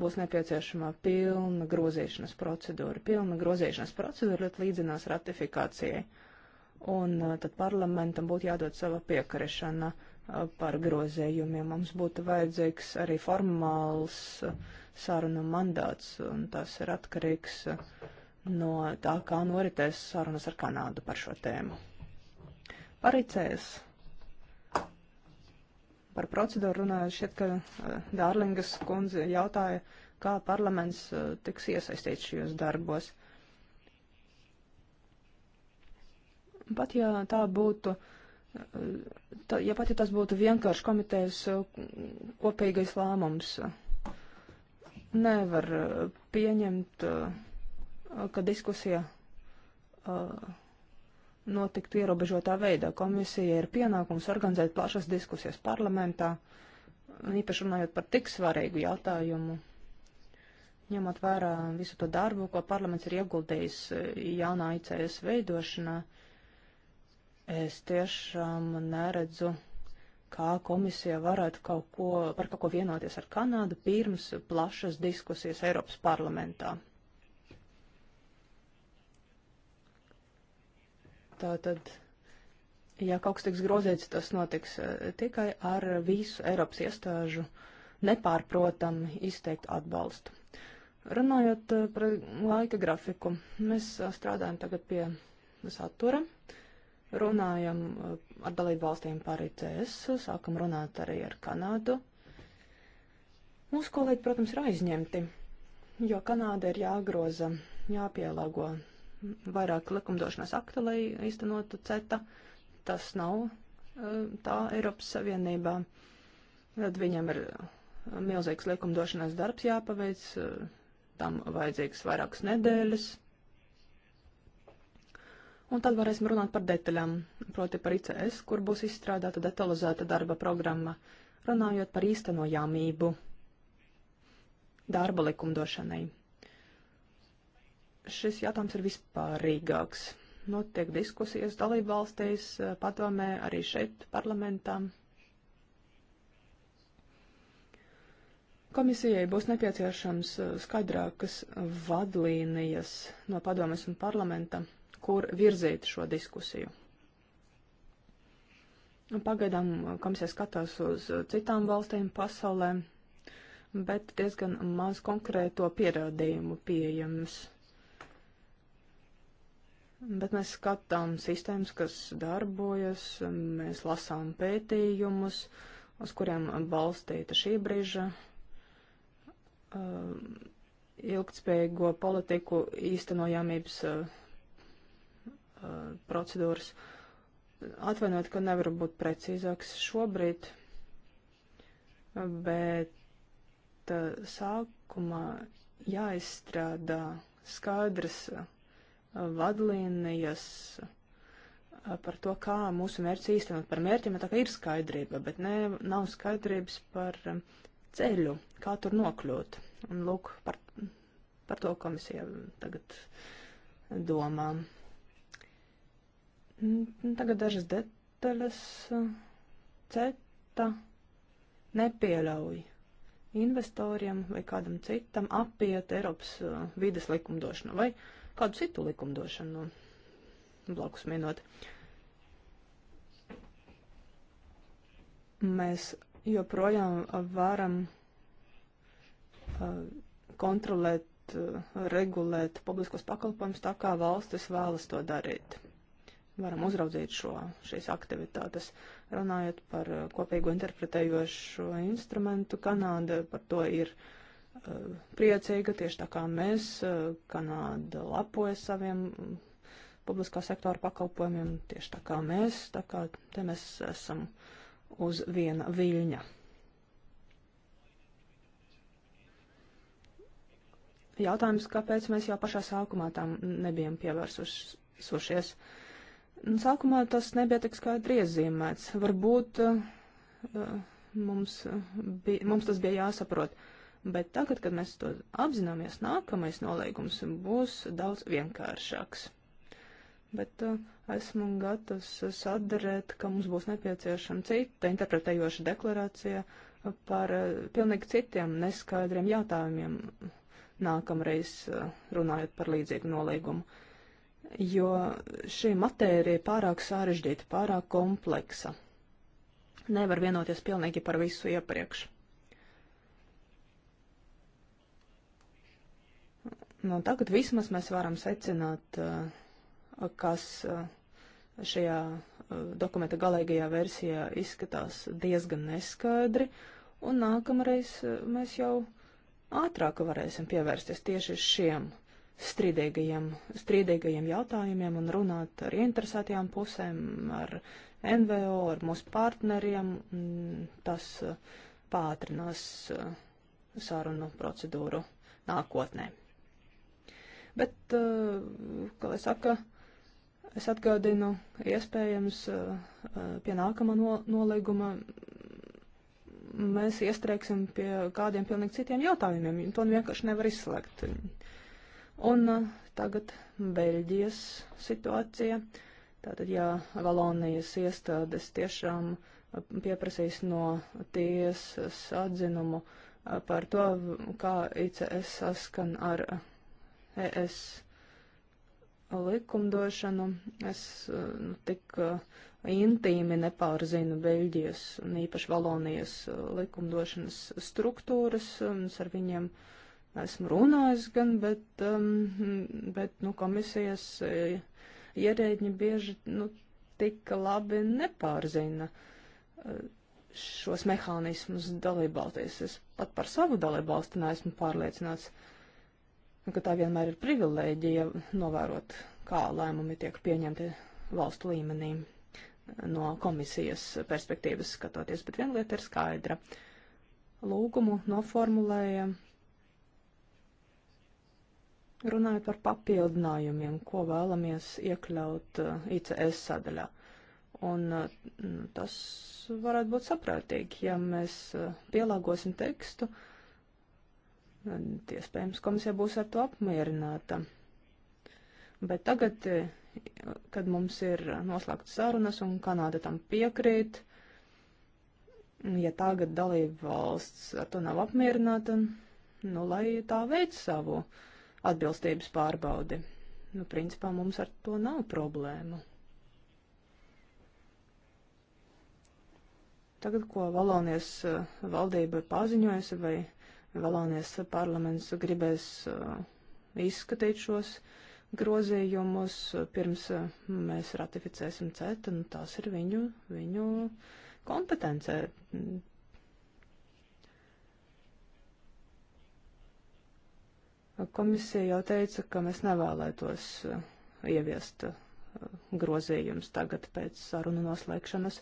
būs nepieciešama pilna grozīšanas procedūra. Pilna grozīšanas procedūra ļoti līdzinās ratifikācijai. Uh, un uh, tad parlamentam būtu jādod sava piekrišana uh, par grozējumiem. Mums būtu vajadzīgs arī formāls uh, sarunu mandāts, un tas ir atkarīgs no tā, kā noritēs sarunas ar Kanādu par šo tēmu. Par ICS. Par procedūru runājot, šķiet, ka Dārlingas kundze jautāja, kā parlaments tiks iesaistīts šajos darbos. Pat ja tā būtu, tā, ja pat ja tas būtu vienkārši komitejas uh, kopīgais lēmums, nevar uh, pieņemt, uh, ka diskusija notiktu ierobežotā veidā. Komisija ir pienākums organizēt plašas diskusijas parlamentā, īpaši runājot par tik svarīgu jautājumu, ņemot vērā visu to darbu, ko parlaments ir ieguldījis jaunā ICS veidošanā. Uh, Es tiešām neredzu, kā komisija varētu kaut ko, par kaut ko vienoties ar Kanādu pirms plašas diskusijas Eiropas parlamentā. Tātad, ja kaut kas tiks grozīts, tas notiks eh, tikai ar visu Eiropas iestāžu nepārprotam izteikt atbalstu. Runājot eh, par laika grafiku, mēs eh, strādājam tagad pie satura. Uh, runājam eh, ar dalību valstīm par ICS, sākam runāt arī ar Kanādu. Mūsu kolēģi, protams, ir aizņemti, jo Kanāda ir jāgroza, jāpielāgo vairāk likumdošanas akta, lai īstenotu CETA. Tas nav eh, tā Eiropas Savienībā. Tad viņam ir eh, milzīgs likumdošanas darbs jāpaveic, tam vajadzīgs vairākas nedēļas. Un tad varēsim runāt par detaļām, proti par ICS, kur būs izstrādāta detalizēta darba programma, runājot par īstenojāmību darba likumdošanai. Šis jautājums ir vispārīgāks. Notiek diskusijas dalību valstīs, padomē, arī šeit parlamentā. Komisijai būs nepieciešams skaidrākas vadlīnijas no padomes un parlamenta kur virzīt šo diskusiju. Nu, pagaidām uh, komisija skatās uz uh, citām valstīm pasaulē, bet diezgan maz konkrēto pierādījumu pieejams. Bet mēs skatām sistēmas, kas darbojas, um, mēs lasām pētījumus, uz kuriem balstīta šī brīža uh, ilgtspējīgo politiku īstenojamības uh, Uh, procedūras. Atvainojiet, ka nevaru būt precīzāks šobrīd, bet uh, sākumā jāizstrādā skaidrs uh, vadlīnijas par to, kā mūsu mērķi īstenot. Par mērķiem tā kā ir skaidrība, bet ne, nav skaidrības par um, ceļu, kā tur nokļūt. Un lūk, par, par to komisija tagad domā. Tagad dažas detaļas. CETA nepieļauj investoriem vai kādam citam apiet Eiropas uh, vides likumdošanu vai kādu citu likumdošanu blakus minot. Mēs joprojām varam uh, kontrolēt, uh, regulēt publiskos pakalpojumus tā, kā valstis vēlas to darīt varam uzraudzīt šo, šīs aktivitātes. Runājot par uh, kopīgu interpretējošo instrumentu, Kanāda par to ir uh, priecīga, tieši tā kā mēs. Uh, Kanāda lapojas saviem mm, publiskā sektora pakalpojumiem, tieši tā kā mēs, tā kā te mēs esam uz viena viļņa. Jautājums, kāpēc mēs jau pašā sākumā tam nebijam pievērsušies? Nu, sākumā tas nebija tik skaidri iezīmēts. Varbūt eh, mums, eh, bija, mums tas bija jāsaprot. Bet tagad, kad mēs to apzināmies, nākamais nolīgums būs daudz vienkāršāks. Bet eh, esmu gatavs sadarēt, ka mums būs nepieciešama cita interpretējoša deklarācija par pilnīgi citiem neskaidriem jautājumiem nākamreiz runājot par līdzīgu nolīgumu jo šī matērija pārāk sarežģīta, pārāk kompleksa. Nevar vienoties pilnīgi par visu iepriekš. Nu, tagad vismaz mēs varam secināt, eh, kas eh, šajā eh, dokumenta galīgajā versijā izskatās diezgan neskaidri, un nākamreiz mēs jau ātrāk varēsim pievērsties tieši šiem uh, strīdīgajiem, strīdīgajiem jautājumiem un runāt ar ieinteresētajām pusēm, ar NVO, ar mūsu partneriem. Tas uh, pātrinās uh, sarunu procedūru nākotnē. Bet, uh, kā lai saka, es atgādinu, iespējams, pie nākamā no, nolīguma mēs iestrēgsim pie kādiem pilnīgi citiem jautājumiem. To nu vienkārši nevar izslēgt Un uh, tagad Beļģijas situācija. Tātad, ja Valonijas iestādes tiešām uh, pieprasīs no tiesas atzinumu uh, par to, kā ICS saskan ar ES likumdošanu, es nu, tik intīmi nepārzinu Beļģijas un īpaši Valonijas likumdošanas struktūras, un es ar viņiem uh, esmu runājis gan, bet, um, bet nu, komisijas e, ierēģi bieži nu, tik labi nepārzina e, šos mehānismus dalībvalstīs. Es pat par savu dalībvalsti neesmu pārliecināts, nu, ka tā vienmēr ir privilēģija novērot, kā lēmumi tiek pieņemti valstu līmenī no komisijas perspektīvas skatoties, bet viena lieta ir skaidra. Lūgumu noformulēja Runājot par papildinājumiem, ko vēlamies iekļaut eh, ICS sadaļā. Un eh, tas varētu būt saprātīgi, ja mēs eh, pielāgosim tekstu, iespējams, komisija būs ar to apmierināta. Bet tagad, kad mums ir noslēgts sarunas un Kanāda tam piekrīt, ja tagad dalība valsts ar to nav apmierināta, nu, lai tā veic savu uh, atbilstības pārbaudi. Nu, principā mums ar to nav problēmu. Tagad, ko Valonijas eh, valdība paziņojusi vai Valonijas parlaments gribēs eh, izskatīt šos grozījumus, eh, pirms mēs ratificēsim CETA, nu, tās ir viņu, viņu kompetencē Komisija jau teica, ka mēs nevēlētos eh, ieviest eh, grozījums tagad pēc sarunu noslēgšanas.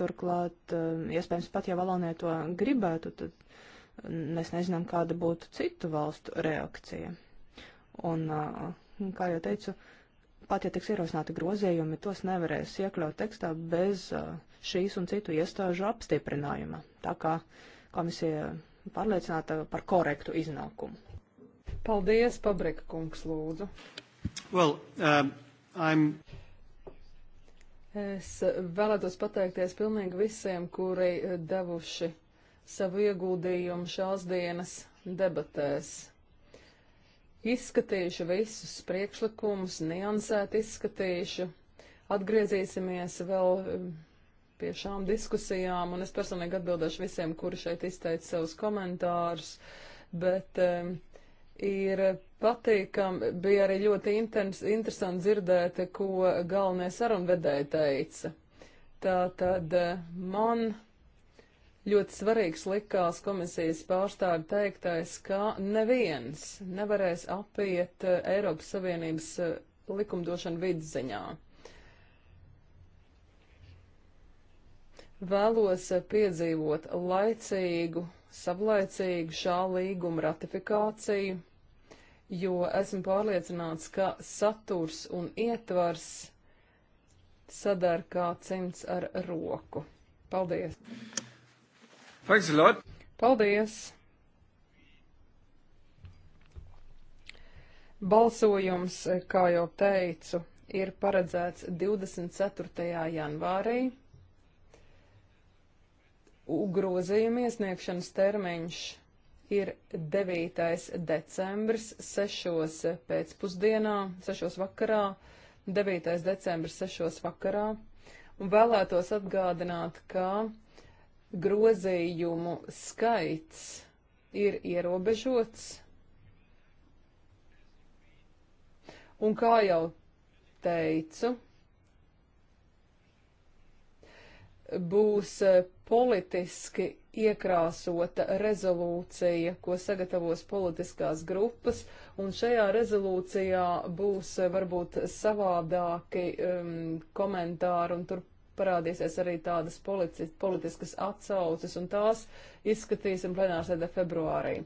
Turklāt, eh, iespējams, pat ja Valonija to gribētu, tad mēs nezinām, kāda būtu citu valstu reakcija. Un, kā jau teicu, pat ja tiks ierosināti grozījumi, tos nevarēs iekļaut tekstā bez šīs un citu iestāžu apstiprinājuma. Tā kā komisija pārliecināta par korektu iznākumu. Paldies, Pabrika kungs, lūdzu. Well, um, I'm... Es vēlētos pateikties pilnīgi visiem, kuri devuši savu ieguldījumu šās dienas debatēs. Izskatīšu visus priekšlikumus, niansēt izskatīšu, atgriezīsimies vēl um, pie šām diskusijām, un es personīgi atbildēšu visiem, kuri šeit izteica savus komentārus, bet um, eh, ir patīkami. Bija arī ļoti intens, interesanti dzirdēt, ko galvenie sarunvedēji teica. Tā tad eh, man ļoti svarīgs likās komisijas pārstāvi teiktais, ka neviens nevarēs apiet eh, Eiropas Savienības eh, likumdošanu vidziņā. Vēlos piedzīvot laicīgu savlaicīgu šā līguma ratifikāciju, jo esmu pārliecināts, ka saturs un ietvars sadar kā cimds ar roku. Paldies! Thanks a lot! Paldies! Balsojums, kā jau teicu, ir paredzēts 24. janvārī grozījuma iesniegšanas termiņš ir 9. decembris 6. pēcpusdienā, 6. vakarā, 9. decembris 6. vakarā. Un vēlētos atgādināt, ka grozījumu skaits ir ierobežots. Un kā jau teicu, būs eh, politiski iekrāsota rezolūcija, ko sagatavos politiskās grupas, un šajā rezolūcijā būs eh, varbūt savādāki um, komentāri, un tur parādīsies arī tādas politi politiskas atsauces, un tās izskatīsim plenārsēdē februārī.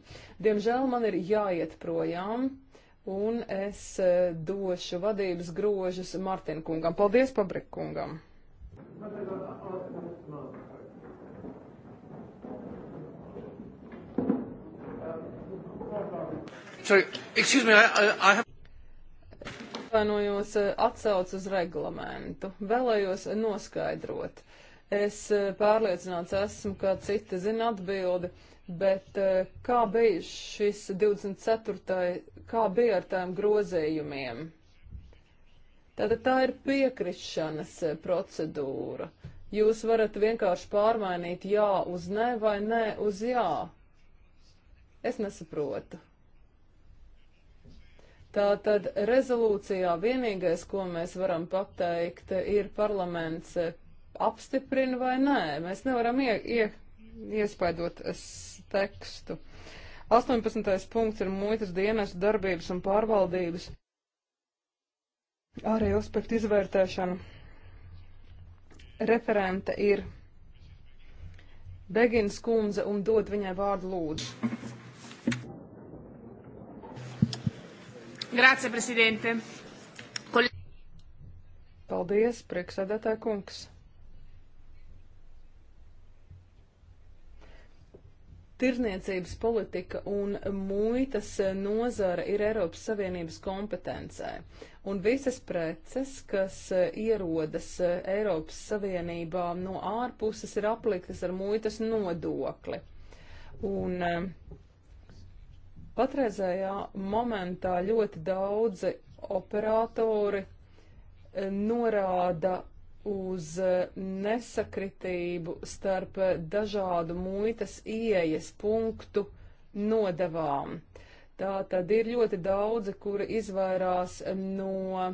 Diemžēl man ir jāiet projām. Un es eh, došu vadības grožus Martinkungam. Paldies, Pabrikungam! Pabrikungam. Sorry, excuse me, I, I have... Atvainojos eh, atsauc uz reglamentu. Vēlējos eh, noskaidrot. Es eh, pārliecināts esmu, ka citi zina atbildi, bet kā bija šis 24. kā bija ar tām grozējumiem? Tātad tā ir piekrišanas procedūra. Jūs varat vienkārši pārmainīt jā uz nē vai nē uz jā. Es nesaprotu. Tātad rezolūcijā vienīgais, ko mēs varam pateikt, ir parlaments eh, apstiprina vai nē. Mēs nevaram ie, ie, iespaidot tekstu. 18. punkts ir muitas dienas darbības un pārvaldības. Arī aspektu izvērtēšana. Referente ir Begins kundze un dod viņai vārdu lūdzu. Grācija, prezidente. Kol... Paldies, priekšsēdētāja kungs. Tirniecības politika un muitas nozara ir Eiropas Savienības kompetencē, un visas preces, kas ierodas Eiropas Savienībā no ārpuses, ir apliktas ar muitas nodokli. Un, uh, Patreizējā momentā ļoti daudzi operatori e, norāda uz e, nesakritību starp dažādu muitas ieejas punktu nodevām. Tā tad ir ļoti daudzi, kuri izvairās no e,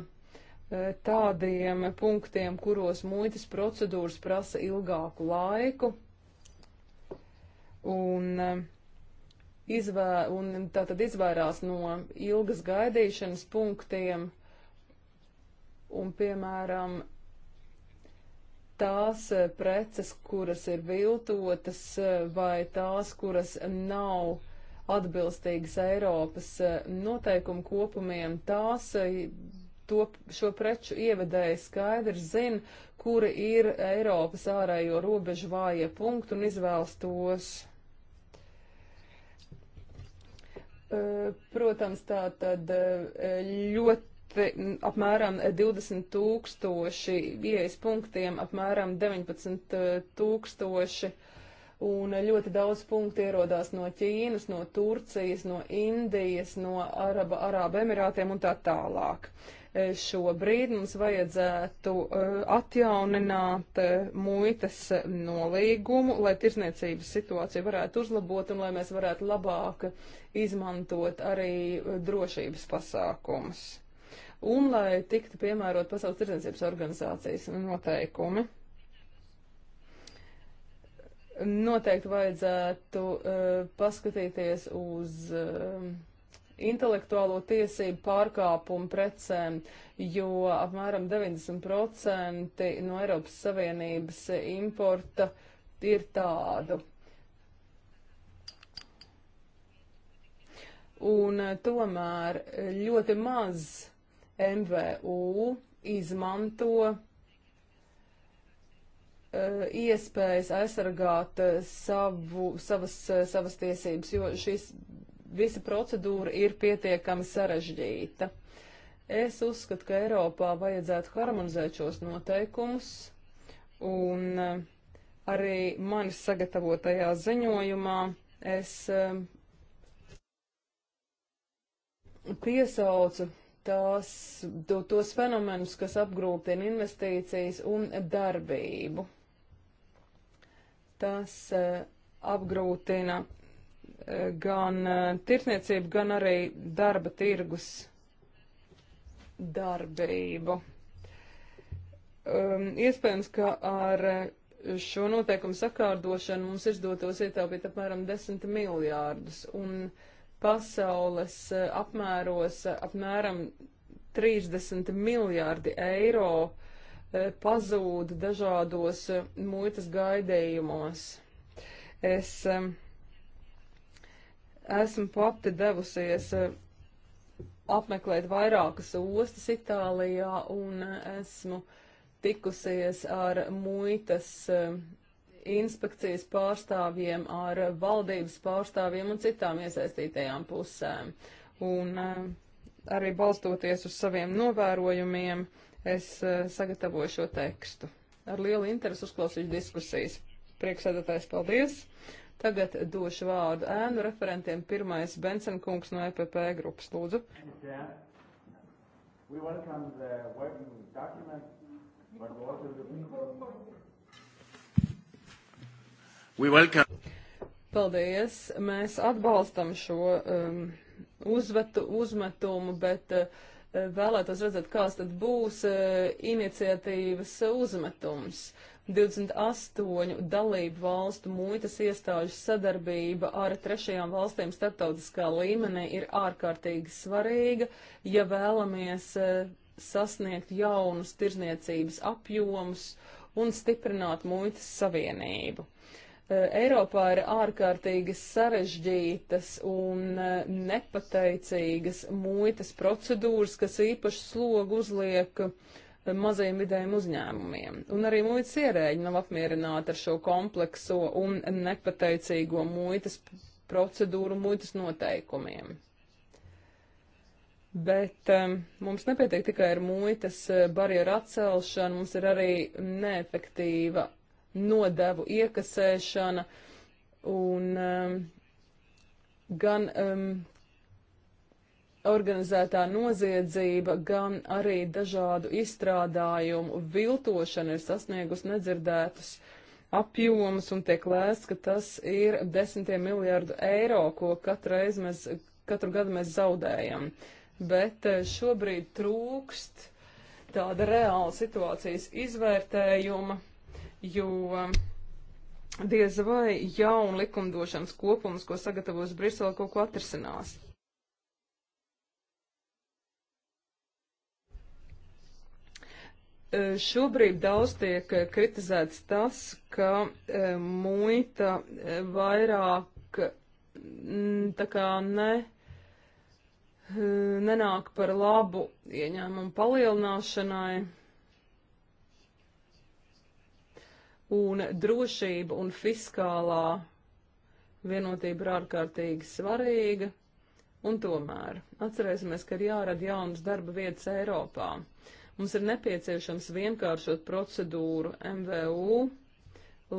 tādiem punktiem, kuros muitas procedūras prasa ilgāku laiku. Un, uh, izvē, un tā tad izvairās no ilgas gaidīšanas punktiem, un, piemēram, tās e, preces, kuras ir viltotas, e, vai tās, kuras nav atbilstīgas Eiropas e, noteikumu kopumiem, tās to, šo preču ievedēji skaidri zina, kuri ir Eiropas ārējo robežu vājie punkti un izvēlas tos. Protams, tā tad ļoti apmēram 20 tūkstoši ieejas punktiem, apmēram 19 tūkstoši. Un ļoti daudz punktu ierodās no Ķīnas, no Turcijas, no Indijas, no Araba, Arāba Emirātiem un tā tālāk. Uh, šobrīd mums vajadzētu eh, atjaunināt eh, muitas nolīgumu, lai tirsniecības situācija varētu uzlabot un lai mēs varētu labāk izmantot arī eh, drošības pasākumus. Un lai tiktu piemērot Pasaules tirdzniecības organizācijas noteikumi. Noteikti vajadzētu uh, paskatīties uz uh, intelektuālo tiesību pārkāpumu precēm, jo apmēram 90% no Eiropas Savienības importa ir tādu. Un eh, tomēr ļoti maz MVU izmanto eh, iespējas aizsargāt eh, savu, savas, savas tiesības, jo šīs visa procedūra ir pietiekami sarežģīta. Es uzskatu, ka Eiropā vajadzētu harmonizēt šos noteikumus, un eh, arī manis sagatavotajā ziņojumā es eh, piesaucu tās, to, tos fenomenus, kas apgrūtina investīcijas un darbību. Tas eh, apgrūtina gan eh, tirsniecību, gan arī darba tirgus darbību. Um, iespējams, ka ar eh, šo noteikumu sakārdošanu mums izdotos ietaupīt apmēram 10 miljārdus, un pasaules eh, apmēros apmēram 30 miljārdi eiro pazūd dažādos muitas gaidījumos. Es um, Esmu pati devusies eh, apmeklēt vairākas ostas Itālijā un esmu tikusies ar muitas eh, inspekcijas pārstāvjiem, ar valdības pārstāvjiem un citām iesaistītajām pusēm. Un eh, arī balstoties uz saviem novērojumiem, es sagatavoju šo tekstu. Ar lielu interesi uzklausīšu diskusijas. Prieksēdētājs, paldies! Tagad došu vārdu ēnu referentiem. Pirmais Bensen kungs no EPP grupas. Lūdzu. Paldies. Mēs atbalstam šo um, uzvetu, uzmetumu, bet uh, vēlētos redzēt, kāds tad būs uh, iniciatīvas uzmetums. Uh, 28 dalību valstu muitas iestāžu sadarbība ar trešajām valstīm starptautiskā līmenī ir ārkārtīgi svarīga, ja vēlamies e, sasniegt jaunus tirzniecības apjomus un stiprināt muitas savienību. E, Eiropā ir ārkārtīgi sarežģītas un e, nepateicīgas muitas procedūras, kas īpaši slogu uzliek uh, mazajiem vidējiem uzņēmumiem. Un arī muitas ierēģi nav apmierināti ar šo komplekso un nepateicīgo muitas procedūru, muitas noteikumiem. Bet um, mums nepietiek tikai ar muitas eh, barjeru atcelšanu, mums ir arī neefektīva nodevu iekasēšana un um, gan um, organizētā noziedzība, gan arī dažādu izstrādājumu viltošana ir sasniegusi nedzirdētus apjomus un tiek lēsts, ka tas ir desmitiem miljārdu eiro, ko katru, mēs, katru gadu mēs zaudējam. Bet eh, šobrīd trūkst tāda reāla situācijas izvērtējuma, jo diez vai jauna likumdošanas kopums, ko sagatavos Brisele, kaut ko atrisinās. E, šobrīd daudz tiek e, kritizēts tas, ka e, muita vairāk tā kā ne, nenāk par labu ieņēmumu palielināšanai. Un drošība un fiskālā vienotība ir ārkārtīgi svarīga. Un tomēr atcerēsimies, ka ir jārada jaunas darba vietas Eiropā. Uh, Mums ir nepieciešams vienkāršot procedūru MVU,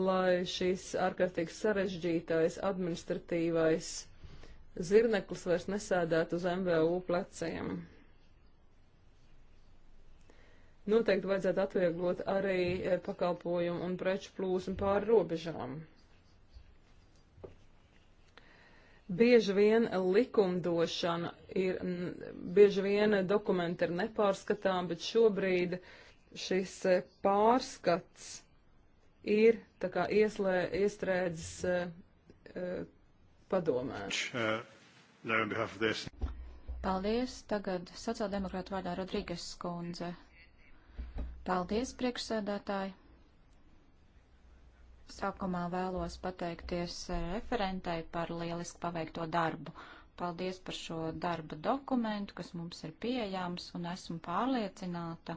lai šis ārkārtīgi sarežģītais administratīvais zirneklis vairs nesēdētu uz MVU pleciem. Noteikti vajadzētu atvieglot arī eh, pakalpojumu un preču plūsmu pāri robežām. Bieži vien likumdošana ir, bieži vien dokumenti ir nepārskatām, bet šobrīd šis pārskats ir tā kā ieslē, iestrēdzis e, e, padomē. Paldies. Tagad sociāldemokrāta vārdā Rodrīgas skundze. Paldies, priekšsēdētāji. Sākumā vēlos pateikties referentai par lieliski paveikto darbu. Paldies par šo darba dokumentu, kas mums ir pieejams, un esmu pārliecināta,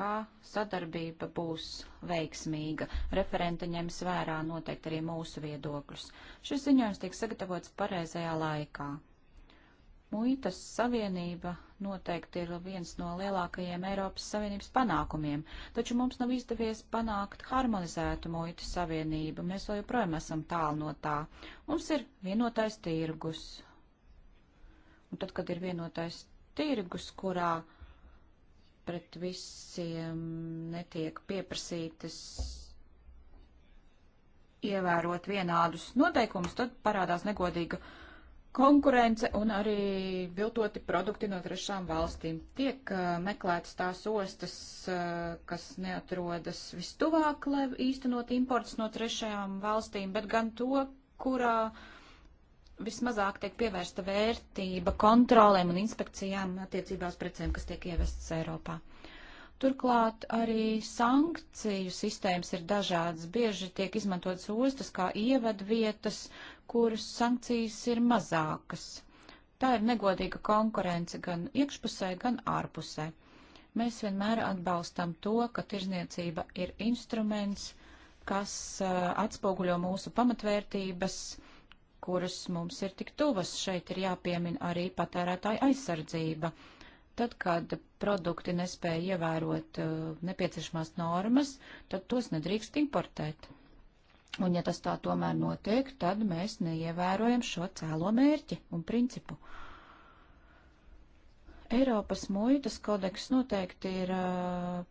ka sadarbība būs veiksmīga. Referente ņems vērā noteikti arī mūsu viedokļus. Šis ziņojums tiek sagatavots pareizajā laikā. Muitas savienība noteikti ir viens no lielākajiem Eiropas Savienības panākumiem, taču mums nav izdevies panākt harmonizētu muitas savienību. Mēs vēl joprojām esam tālu no tā. Mums ir vienotais tirgus. Un tad, kad ir vienotais tirgus, kurā pret visiem netiek pieprasītas ievērot vienādus noteikumus, tad parādās negodīga konkurence un arī viltoti produkti no trešām valstīm. Tiek uh, meklētas tās ostas, uh, kas neatrodas vistuvāk, lai īstenot imports no trešajām valstīm, bet gan to, kurā vismazāk tiek pievērsta vērtība kontrolēm un inspekcijām attiecībās precēm, kas tiek ievestas Eiropā. Turklāt arī sankciju sistēmas ir dažādas. Bieži tiek izmantotas ostas kā ievadvietas, kuras sankcijas ir mazākas. Tā ir negodīga konkurence gan iekšpusē, gan ārpusē. Mēs vienmēr atbalstam to, ka tirzniecība ir instruments, kas uh, atspoguļo mūsu pamatvērtības, kuras mums ir tik tuvas. Šeit ir jāpiemina arī patērētāja aizsardzība. Uh, Tad, kad produkti nespēja ievērot uh, nepieciešamās normas, tad tos nedrīkst importēt. Un ja tas tā tomēr notiek, tad mēs neievērojam šo cēlo mērķi un principu. Eiropas muitas kodeks noteikti ir uh,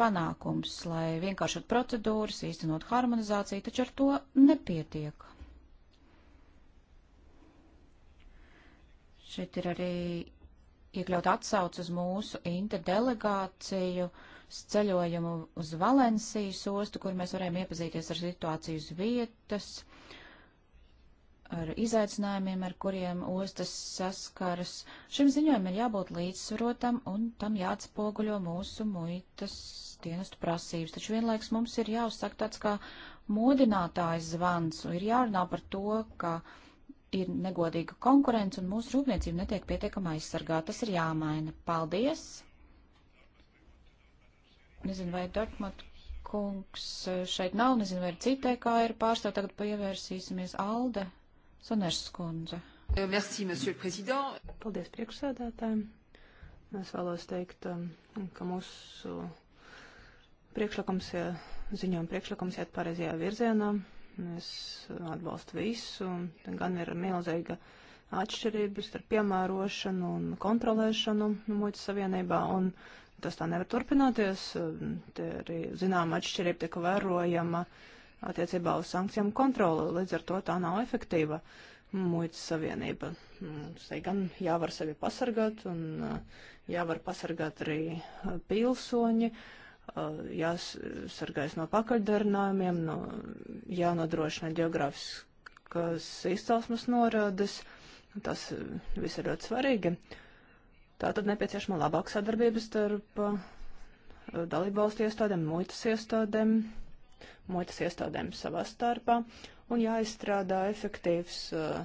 panākums, lai vienkāršot procedūras, īstenot harmonizāciju, taču ar to nepietiek. Šeit ir arī iekļaut atsauc uz mūsu Inta delegāciju ceļojumu uz Valencijas ostu, kur mēs varējām iepazīties ar situāciju uz vietas, ar izaicinājumiem, ar kuriem ostas saskaras. Šim ziņojumam ir jābūt līdzsvarotam un tam jāatspoguļo mūsu muitas dienestu prasības, taču vienlaiks mums ir jāuzsaka tāds kā modinātājs zvans, ir jārunā par to, ka uh, ir negodīga konkurence un mūsu rūpniecība netiek pietiekama aizsargāta. Tas ir jāmaina. Paldies! Nezinu, vai Dortmund kungs šeit nav, nezinu, vai ir citai, e kā ir pārstāv. Tagad pievērsīsimies Alde Sonešas kundze. Eh, merci, monsieur le président. Paldies priekšsēdētājiem. Es vēlos teikt, um, ka mūsu priekšlikums, eh, ziņojuma priekšlikums iet pareizajā virzienā. Es atbalstu visu. Te gan ir milzīga atšķirības starp piemērošanu un kontrolēšanu muitas savienībā, un tas tā nevar turpināties. Te arī, zinām, atšķirība tiek vērojama attiecībā uz sankcijām kontroli, līdz ar to tā nav efektīva muitas savienība. Mums te gan jāvar sevi pasargāt, un jāvar pasargāt arī pilsoņi. Uh, jāsargājas no pakaļdarinājumiem, no, jānodrošina geogrāfiskas izcelsmes norādes. Tas viss ir ļoti svarīgi. Tā tad nepieciešama labāka sadarbības starp dalībvalstu iestādēm, muitas iestādēm, muitas iestādēm savā starpā un jāizstrādā efektīvs uh,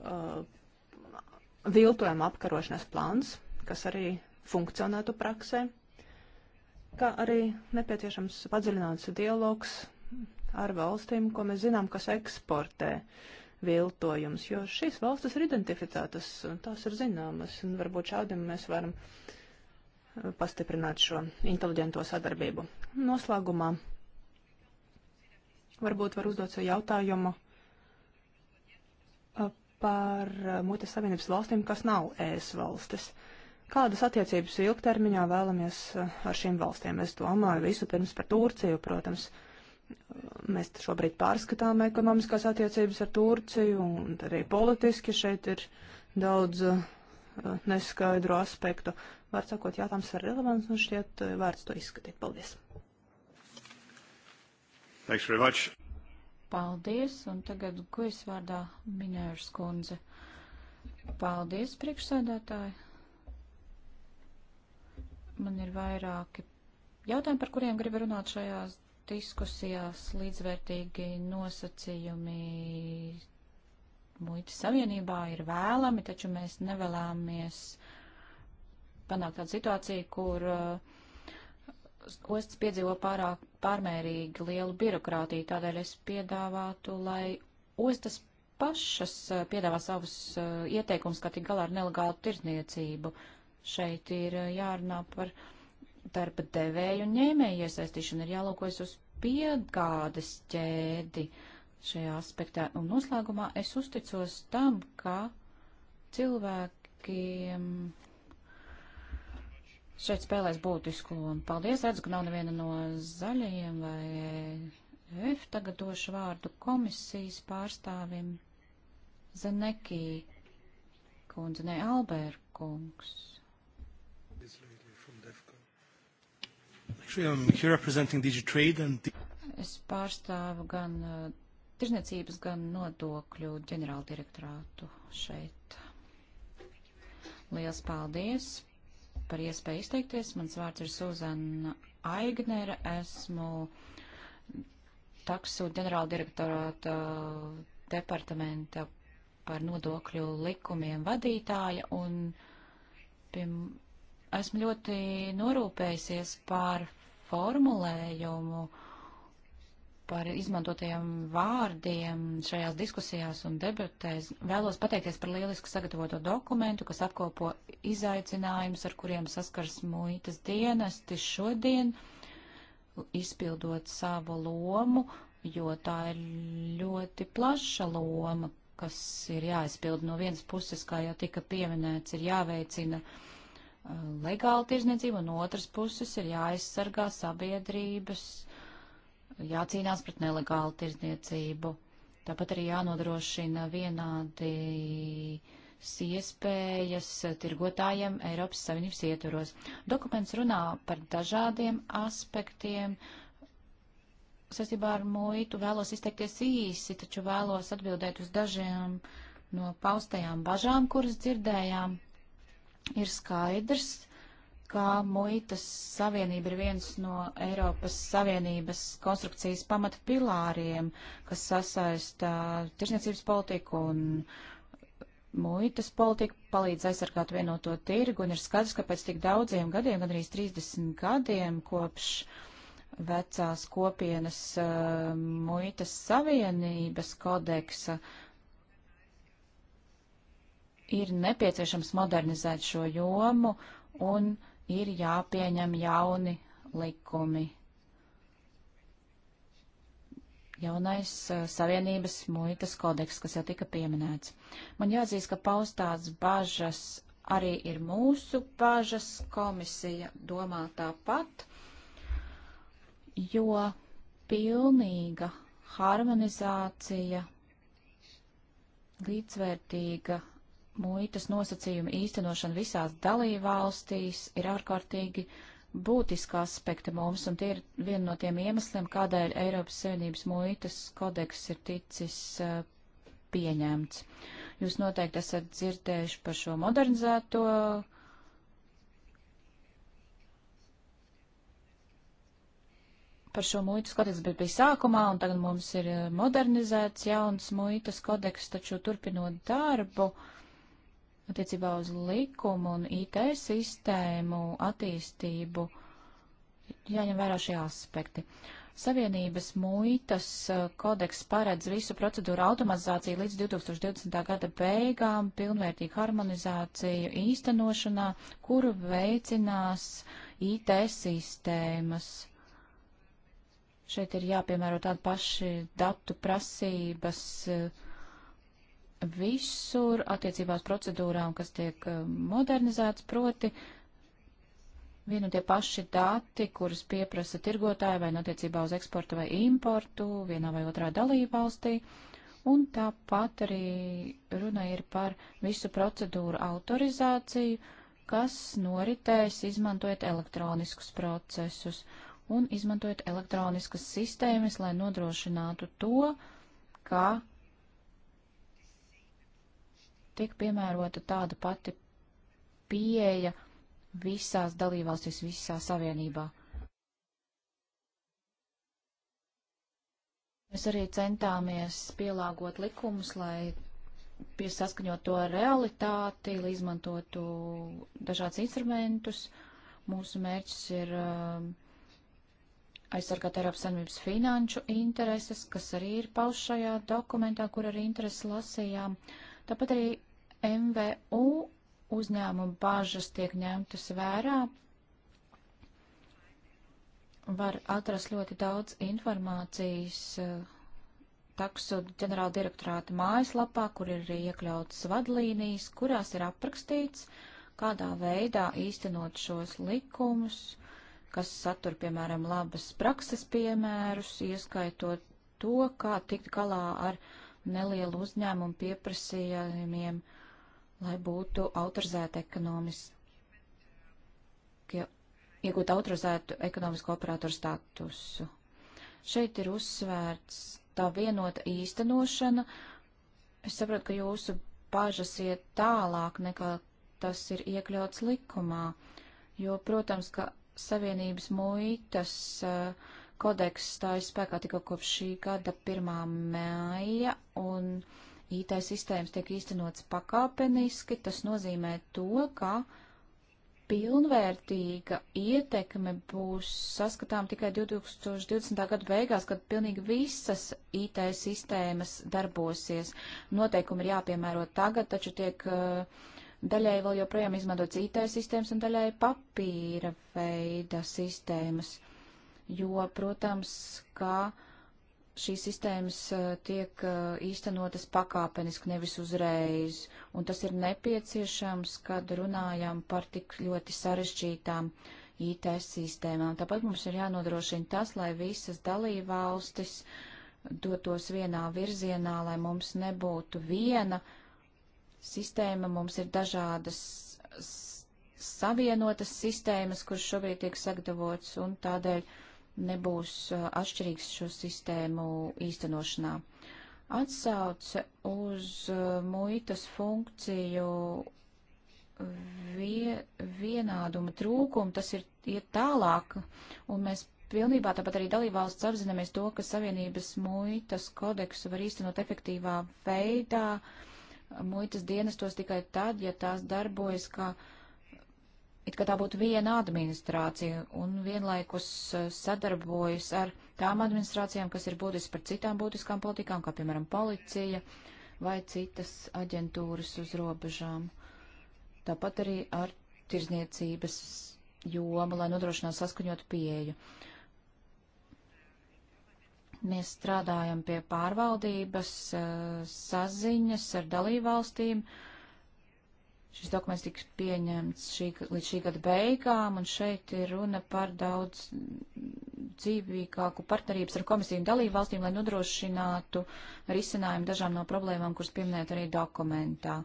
uh, viltojuma apkarošanas plāns, kas arī funkcionētu praksē kā arī nepieciešams padziļināts dialogs ar valstīm, ko mēs zinām, kas eksportē viltojums, jo šīs valstis ir identificētas, tās ir zināmas, un varbūt šādi mēs varam eh, pastiprināt šo inteliģento sadarbību. Noslēgumā varbūt var uzdot sev jautājumu eh, par eh, mutes savienības valstīm, kas nav ēs valstis. Uh, Kādas attiecības ilgtermiņā vēlamies eh, ar šīm valstīm? Es domāju visu pirms par Turciju, protams. Mēs šobrīd pārskatām ekonomiskās attiecības ar Turciju, un arī politiski šeit ir daudz uh, neskaidru aspektu. Var sakot, jātams ar relevants, un šķiet eh, vērts to izskatīt. Paldies! Thanks very much. Paldies, un tagad, ko es vārdā minēšu skundze? Paldies, priekšsēdētāji! Man ir vairāki jautājumi, par kuriem gribu runāt šajās diskusijās. Līdzvērtīgi nosacījumi muitas savienībā ir vēlami, taču mēs nevēlāmies panākt tādu situāciju, kur uh, ostas piedzīvo pārāk pārmērīgi lielu birokrātiju. Tādēļ es piedāvātu, lai ostas pašas uh, piedāvā savus uh, ieteikumus, kā tik galā ar nelegālu tirzniecību. Uh, Šeit ir eh, jārunā par darba devēju un ņēmēju iesaistīšanu, ir jālūkojas uz piegādes ķēdi šajā aspektā. Un noslēgumā es uzticos tam, ka cilvēkiem šeit spēlēs būtisku lomu. Paldies, redzu, ka nav neviena no zaļajiem vai F. Tagad došu vārdu komisijas pārstāvim Zanekī kundze, ne Alberkungs. I'm here representing DigiTrade and... Es pārstāvu gan uh, tirzniecības, gan nodokļu ģenerāldirektorātu šeit. Liels paldies par iespēju izteikties. Mans vārds ir Suzana Aignere. Esmu taksu ģenerāldirektorāta departamenta par nodokļu likumiem vadītāja un pie, esmu ļoti norūpējusies par formulējumu, par izmantotajiem vārdiem šajās diskusijās un debatēs. Vēlos pateikties par lielisku sagatavoto dokumentu, kas apkopo izaicinājumus, ar kuriem saskars muitas dienesti šodien, izpildot savu lomu, jo tā ir ļoti plaša loma, kas ir jāizpild no vienas puses, kā jau tika pieminēts, ir jāveicina uh, legāla tirzniecība, un otras puses ir jāaizsargā sabiedrības, jācīnās pret nelegālu tirzniecību. Tāpat arī jānodrošina vienādi iespējas tirgotājiem Eiropas Savienības ietvaros. Dokuments runā par dažādiem aspektiem. Sasībā ar muitu vēlos izteikties īsi, taču vēlos atbildēt uz dažiem no paustajām bažām, kuras dzirdējām ir skaidrs, ka muitas savienība ir viens no Eiropas Savienības konstrukcijas pamatpilāriem, kas sasaista tirsniecības politiku un muitas politiku, palīdz aizsargāt vienoto tirgu, un ir skaidrs, ka pēc tik daudziem gadiem, gan arī 30 gadiem kopš vecās kopienas uh, muitas savienības kodeksa, uh, ir nepieciešams modernizēt šo jomu un ir jāpieņem jauni likumi. Jaunais uh, Savienības muitas kodeks, kas jau tika pieminēts. Man jāzīst, ka paustās bažas arī ir mūsu bažas. Komisija domā tāpat, jo pilnīga harmonizācija, līdzvērtīga muitas nosacījumu īstenošana visās dalībvalstīs ir ārkārtīgi būtiski aspekti mums, un tie ir viena no tiem iemesliem, kādēļ Eiropas Savienības muitas kodeks ir ticis uh, pieņemts. Jūs noteikti esat dzirdējuši par šo modernizēto par šo muitas kodeksu, bet bija sākumā, un tagad mums ir eh, modernizēts jauns muitas kodeks, taču turpinot darbu, uh, attiecībā uz likumu un IT sistēmu attīstību jāņem vērā šie aspekti. Savienības muitas uh, kodeks paredz visu procedūru automatizāciju līdz 2020. gada beigām, pilnvērtīgu harmonizāciju īstenošanā, kuru veicinās IT sistēmas. Šeit ir jāpiemēro tādi paši datu prasības uh, visur attiecībās procedūrām, kas tiek eh, modernizētas, proti vienu tie paši dati, kuras pieprasa tirgotāji vai nu attiecībā uz eksportu vai importu vienā vai otrā dalība valstī. Un tāpat arī runa ir par visu procedūru autorizāciju, kas noritēs izmantojot elektroniskus procesus un izmantojot elektroniskas sistēmas, lai nodrošinātu to, ka tiek piemērota tāda pati pieeja visās dalībvalstīs, visā savienībā. Mēs arī centāmies pielāgot likumus, lai piesaskaņot to realitāti, lai izmantotu dažādus instrumentus. Mūsu mērķis ir um, aizsargāt Eiropas Savienības finanšu intereses, kas arī ir paušajā dokumentā, kur arī intereses lasījām. Tāpat arī MVU uzņēmumu bažas tiek ņemtas vērā. Var atrast ļoti daudz informācijas eh, taksu ģenerāla direktorāta mājaslapā, kur ir arī iekļautas vadlīnijas, kurās ir aprakstīts, kādā veidā īstenot šos likumus, kas satur, piemēram, labas prakses piemērus, ieskaitot to, kā tikt galā ar nelielu uzņēmumu pieprasījumiem uh, lai būtu autorizēta ekonomiski, iegūt autorizētu ekonomisko operātoru statusu. Šeit ir uzsvērts tā vienota īstenošana. Es saprotu, ka jūsu bažas iet tālāk nekā tas ir iekļauts likumā, jo, protams, ka Savienības muitas eh, kodeks stājas spēkā tikai kopš šī gada 1. māja, un uh, IT sistēmas tiek īstenots pakāpeniski, tas nozīmē to, ka pilnvērtīga ietekme būs saskatām tikai 2020. gada beigās, kad pilnīgi visas IT sistēmas darbosies. Noteikumi ir jāpiemēro tagad, taču tiek eh, daļai vēl joprojām izmantots IT sistēmas un daļai papīra veida sistēmas, jo, protams, kā ka šīs sistēmas eh, tiek eh, īstenotas pakāpeniski, nevis uzreiz, un tas ir nepieciešams, kad runājam par tik ļoti sarežģītām IT sistēmām. Tāpat mums ir jānodrošina tas, lai visas dalībvalstis dotos vienā virzienā, lai mums nebūtu viena sistēma, mums ir dažādas savienotas sistēmas, kuras šobrīd tiek sagatavotas, un tādēļ nebūs uh, atšķirīgs šo sistēmu īstenošanā. Atsauce uz uh, muitas funkciju vie, vienāduma trūkumu, tas ir iet tālāk, un mēs pilnībā tāpat arī dalībvalsts apzināmies to, ka Savienības muitas kodeksu var īstenot efektīvā veidā muitas dienestos tikai tad, ja tās darbojas kā uh, it kā tā būtu viena administrācija un vienlaikus eh, sadarbojas ar tām administrācijām, kas ir būtiskas par citām būtiskām politikām, kā piemēram policija vai citas aģentūras uz robežām. Tāpat arī ar tirzniecības jomu, lai nodrošinātu saskaņot pieeju. Mēs strādājam pie pārvaldības, eh, saziņas ar dalībvalstīm. valstīm Šis dokuments tiks pieņemts šī, līdz šī gada beigām, un šeit ir runa par daudz dzīvīgāku partnerības ar komisiju un dalību valstīm, lai nodrošinātu risinājumu dažām no problēmām, kuras pieminēt arī dokumentā.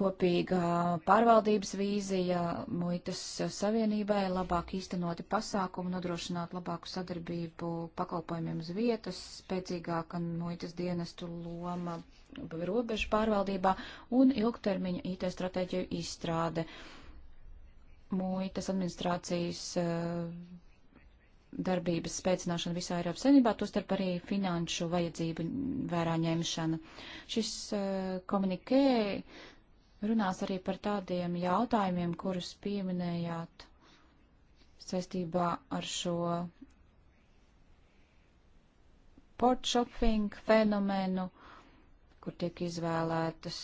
Kopīga pārvaldības vīzija muitas savienībai, labāk īstenoti pasākumi, nodrošināt labāku sadarbību pakalpojumiem uz vietas, spēcīgāka muitas dienestu loma robežu pārvaldībā un ilgtermiņa IT stratēģiju izstrāde. Muitas administrācijas eh, darbības spēcināšana visā Eiropas Savienībā, tostarp arī finanšu vajadzību vērā ņemšana. Šis eh, komunikē runās arī par tādiem jautājumiem, kurus pieminējāt saistībā ar šo port shopping fenomenu, kur tiek izvēlētas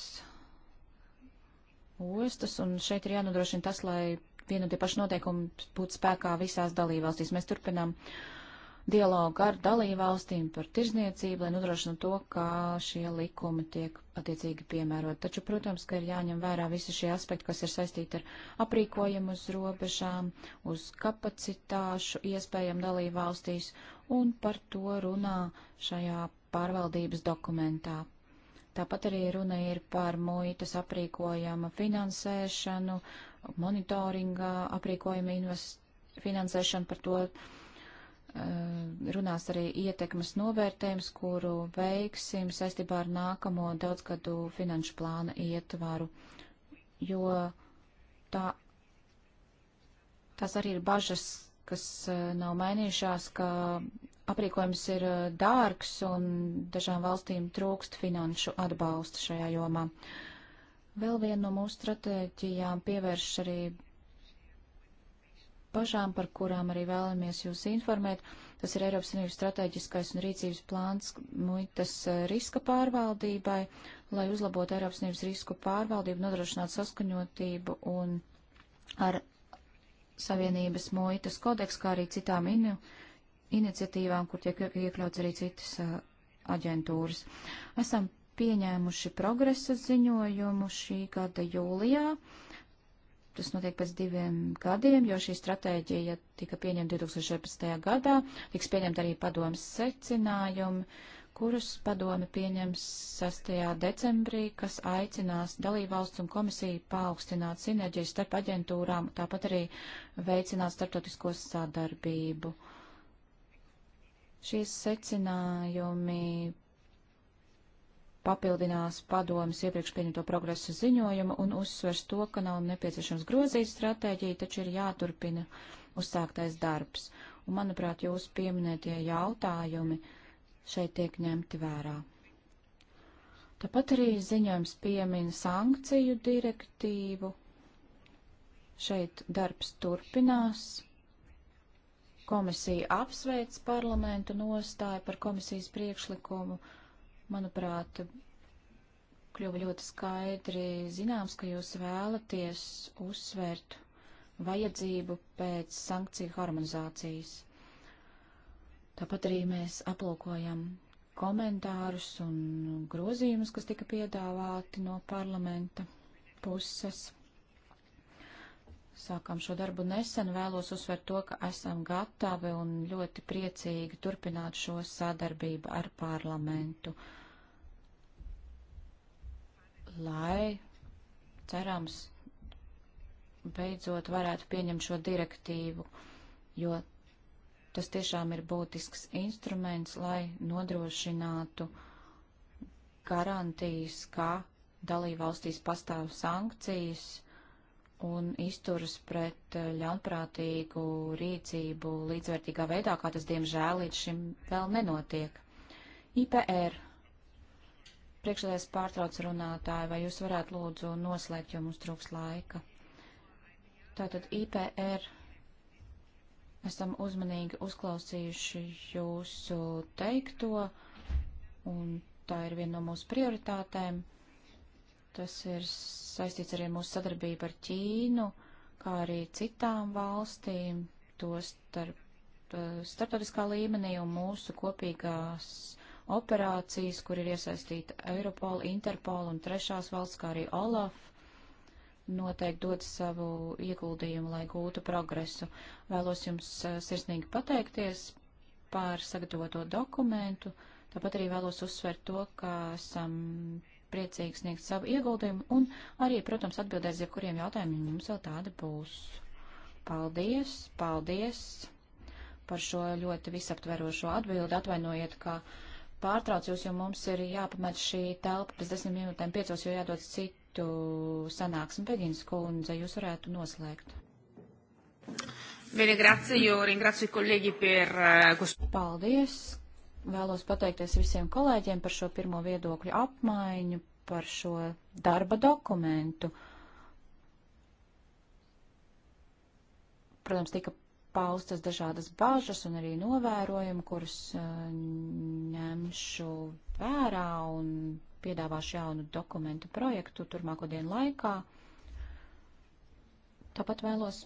ostas, un šeit ir jānodrošina tas, lai viena un tie paši noteikumi būtu spēkā visās dalībvalstīs. Mēs turpinām dialogu ar dalībvalstīm par tirzniecību, lai nodrošinātu to, kā šie likumi tiek attiecīgi piemērot. Taču, protams, ka ir jāņem vērā visi šie aspekti, kas ir saistīti ar aprīkojumu uz robežām, uz kapacitāšu iespējām dalībvalstīs, un par to runā šajā pārvaldības dokumentā Tāpat arī runa ir par muitas aprīkojuma finansēšanu, monitoringa aprīkojuma invest, finansēšanu par to. Eh, runās arī ietekmes novērtējums, kuru veiksim saistībā ar nākamo daudzgadu finanšu plāna ietvaru, jo tā, tas arī ir bažas, kas eh, nav mainījušās, ka aprīkojums ir uh, dārgs un dažām valstīm trūkst finanšu atbalsta šajā jomā. Vēl viena no mūsu stratēģijām pievērš arī pašām, par kurām arī vēlamies jūs informēt. Tas ir Eiropas Savienības strateģiskais un rīcības plāns muitas uh, riska pārvaldībai, lai uzlabotu Eiropas Savienības risku pārvaldību, nodrošinātu saskaņotību un ar Savienības muitas kodeks, kā arī citām inu iniciatīvām, kur tiek iekļauts arī citas uh, aģentūras. Esam pieņēmuši progresa ziņojumu šī gada jūlijā. Tas notiek pēc diviem gadiem, jo šī stratēģija tika pieņemta 2014. gadā. Tiks pieņemta arī padomas secinājumi, kurus padome pieņems 6. decembrī, kas aicinās dalībvalsts un komisiju paaugstināt sinerģijas starp aģentūrām, tāpat arī veicināt starptautisko sadarbību. Uh, Šie secinājumi papildinās padomas iepriekš pieņemto progresu ziņojumu un uzsvers to, ka nav nepieciešams grozīt stratēģiju, taču ir jāturpina uzsāktais darbs. Un, manuprāt, jūs pieminētie jautājumi šeit tiek ņemti vērā. Tāpat arī ziņojums piemina sankciju direktīvu. Šeit darbs turpinās. Komisija apsveic parlamentu nostāju par komisijas priekšlikumu. Manuprāt, kļuva ļoti skaidri zināms, ka jūs vēlaties uzsvērt vajadzību pēc sankciju harmonizācijas. Tāpat arī mēs aplūkojam komentārus un grozījumus, kas tika piedāvāti no parlamenta puses sākām šo darbu nesen, vēlos uzsvert to, ka esam gatavi un ļoti priecīgi turpināt šo sadarbību ar parlamentu, lai, cerams, beidzot varētu pieņemt šo direktīvu, jo tas tiešām ir būtisks instruments, lai nodrošinātu garantijas, ka dalībvalstīs pastāv sankcijas, un izturas pret eh, ļaunprātīgu rīcību līdzvērtīgā veidā, kā tas diemžēl līdz šim vēl nenotiek. IPR. Priekšsēdēs pārtrauc runātāju, vai jūs varētu lūdzu noslēgt, jo mums trūks laika. Tātad IPR. Esam uzmanīgi uzklausījuši jūsu teikto, un tā ir viena no mūsu prioritātēm. Tas ir saistīts arī mūsu sadarbību ar Ķīnu, kā arī citām valstīm, to starp starptautiskā līmenī un mūsu kopīgās operācijas, kur ir iesaistīta Eiropola, Interpola un trešās valsts, kā arī Olaf, noteikti dod savu ieguldījumu, lai gūtu progresu. Vēlos jums sirsnīgi pateikties par sagatavoto dokumentu, tāpat arī vēlos uzsvērt to, ka esam priecīgi sniegt savu ieguldījumu un arī, protams, atbildēs, ja kuriem jautājumiem jums vēl tāda būs. Paldies, paldies par šo ļoti visaptverošo atbildi. Atvainojiet, ka pārtrauc jūs, jo mums ir jāpamet šī telpa pēc desmit minūtēm piecos, jo jādod citu sanāksmi. Begins kundze, jūs varētu noslēgt. Bene, grazie, jo ringrazio i kolēģi par... Eh, paldies, Vēlos pateikties visiem kolēģiem par šo pirmo viedokļu apmaiņu, par šo darba dokumentu. Protams, tika paustas dažādas bažas un arī novērojumi, kurus eh, ņemšu vērā un piedāvāšu jaunu dokumentu projektu turmāko dienu laikā. Tāpat vēlos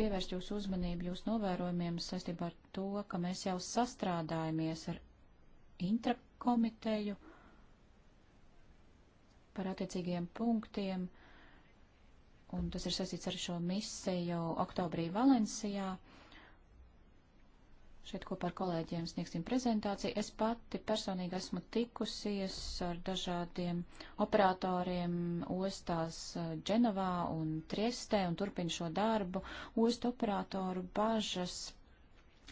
pievērst jūsu uzmanību jūsu novērojumiem saistībā ar to, ka mēs jau sastrādājamies ar intrakomiteju par attiecīgiem punktiem, un tas ir sasīts ar šo misiju oktobrī Valencijā. Šeit kopā ar kolēģiem sniegsim prezentāciju. Es pati personīgi esmu tikusies ar dažādiem operatoriem ostās eh, Dženovā un Triestē un turpinu šo darbu. Ostu operatoru bažas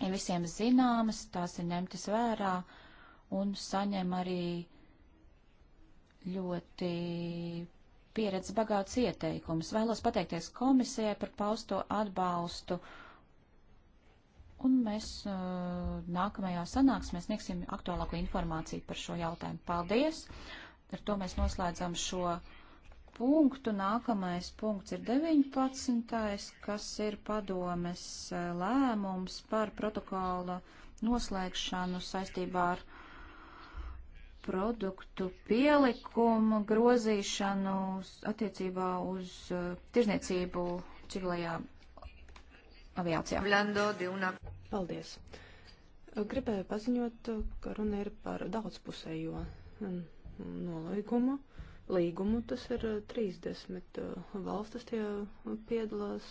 ir visiem zināmas, tās ir ņemtas vērā. Uh, un saņem arī ļoti pieredzes bagāts ieteikums. Vēlos pateikties komisijai par pausto atbalstu, un mēs uh, nākamajā sanāksmē sniegsim aktuālāko informāciju par šo jautājumu. Paldies! Ar to mēs noslēdzam šo punktu. Nākamais punkts ir 19. kas ir padomes uh, lēmums par protokola noslēgšanu saistībā ar produktu pielikumu grozīšanu attiecībā uz uh, tirzniecību civilajā aviācijā. Paldies! Gribēju paziņot, ka runa ir par daudzpusējo mm, nolīgumu. Līgumu tas ir 30 uh, uh, valstis, tie piedalās.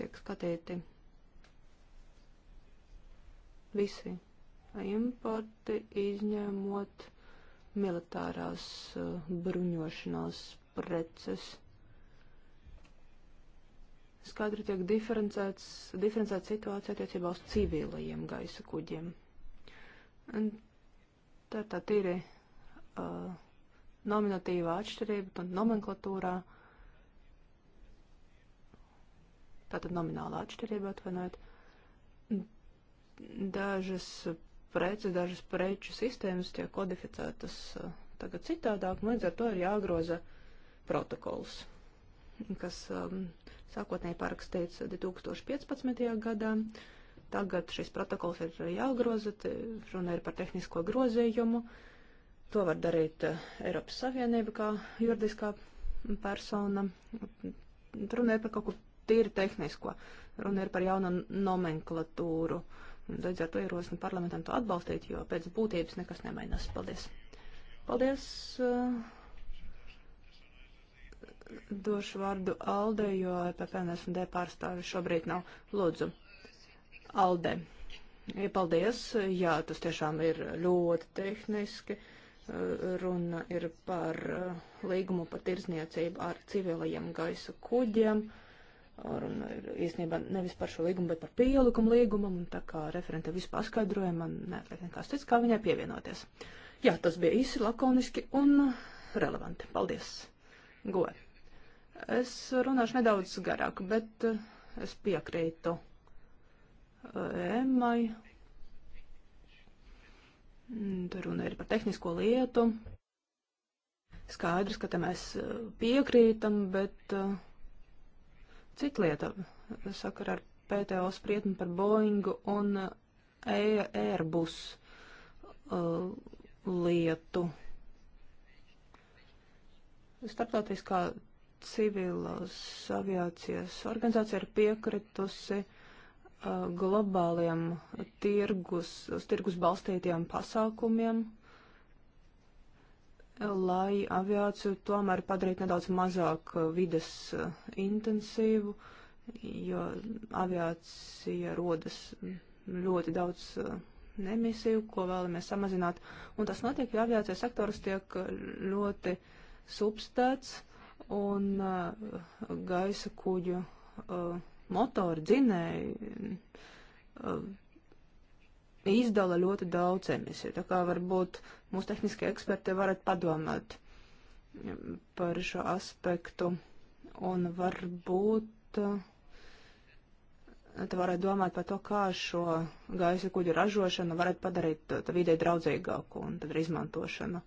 Tiek skatīti Visi importi izņemot militārās eh, bruņošanās preces. Skaidri tiek diferencēta situācija attiecībā uz civilajiem gaisa kuģiem. Un tā ir tā tīri uh, nominatīvā atšķirība, tad nomenklatūrā, tātad nominālā atšķirība atvainojiet. Uh, dažas preces, dažas preču sistēmas tiek kodificētas uh, tagad citādāk, un līdz ar to ir jāgroza protokols, kas um, sākotnēji parakstīts 2015. gadā. Tagad šis protokols ir jāgroza, runa ir par tehnisko grozījumu. To var darīt uh, Eiropas Savienība kā juridiskā persona. Runa ir par kaut ko tīri tehnisko, runa ir par jaunu nomenklatūru. Uh, Līdz ar to ierosinu parlamentam to atbalstīt, jo pēc būtības nekas nemainās. Paldies! Paldies! Uh, došu vārdu Alde, jo PPNS un D pārstāvi šobrīd nav. Lūdzu, Alde. Paldies! Jā, tas tiešām ir ļoti tehniski. Uh, runa ir par uh, līgumu par tirzniecību ar civilajiem gaisa kuģiem. Uh, runa ir īstenībā nevis par šo līgumu, bet par pielikumu līgumam, un tā kā referente visu paskaidroja, man neatliek nekās cits, kā viņai pievienoties. Jā, tas bija īsi, lakoniski un relevanti. Paldies, Go. Es runāšu nedaudz garāk, bet eh, es piekrītu eh, Emmai. Mm, Tur runa ir par tehnisko lietu. Skaidrs, ka te mēs eh, piekrītam, bet uh, Cita lieta sakara ar PTO spriedni par Boeingu un e, Airbus uh, lietu. Startautiskā civilās aviācijas organizācija ir piekritusi uh, globāliem tirgus, uz tirgus balstītiem pasākumiem lai aviāciju tomēr padarītu nedaudz mazāk uh, vides uh, intensīvu, jo aviācija rodas ļoti daudz uh, emisiju, ko vēlamies samazināt. Un tas notiek, jo aviācijas sektors tiek ļoti substēts un gaisa kuģu motori, dzinēji izdala ļoti daudz emisiju. Tā kā varbūt mūsu tehniskie eksperti varat padomāt par šo aspektu un varbūt eh, te varētu domāt par to, kā šo gaisa kuģu ražošanu varētu padarīt eh, vidē draudzīgāku un tad izmantošanu.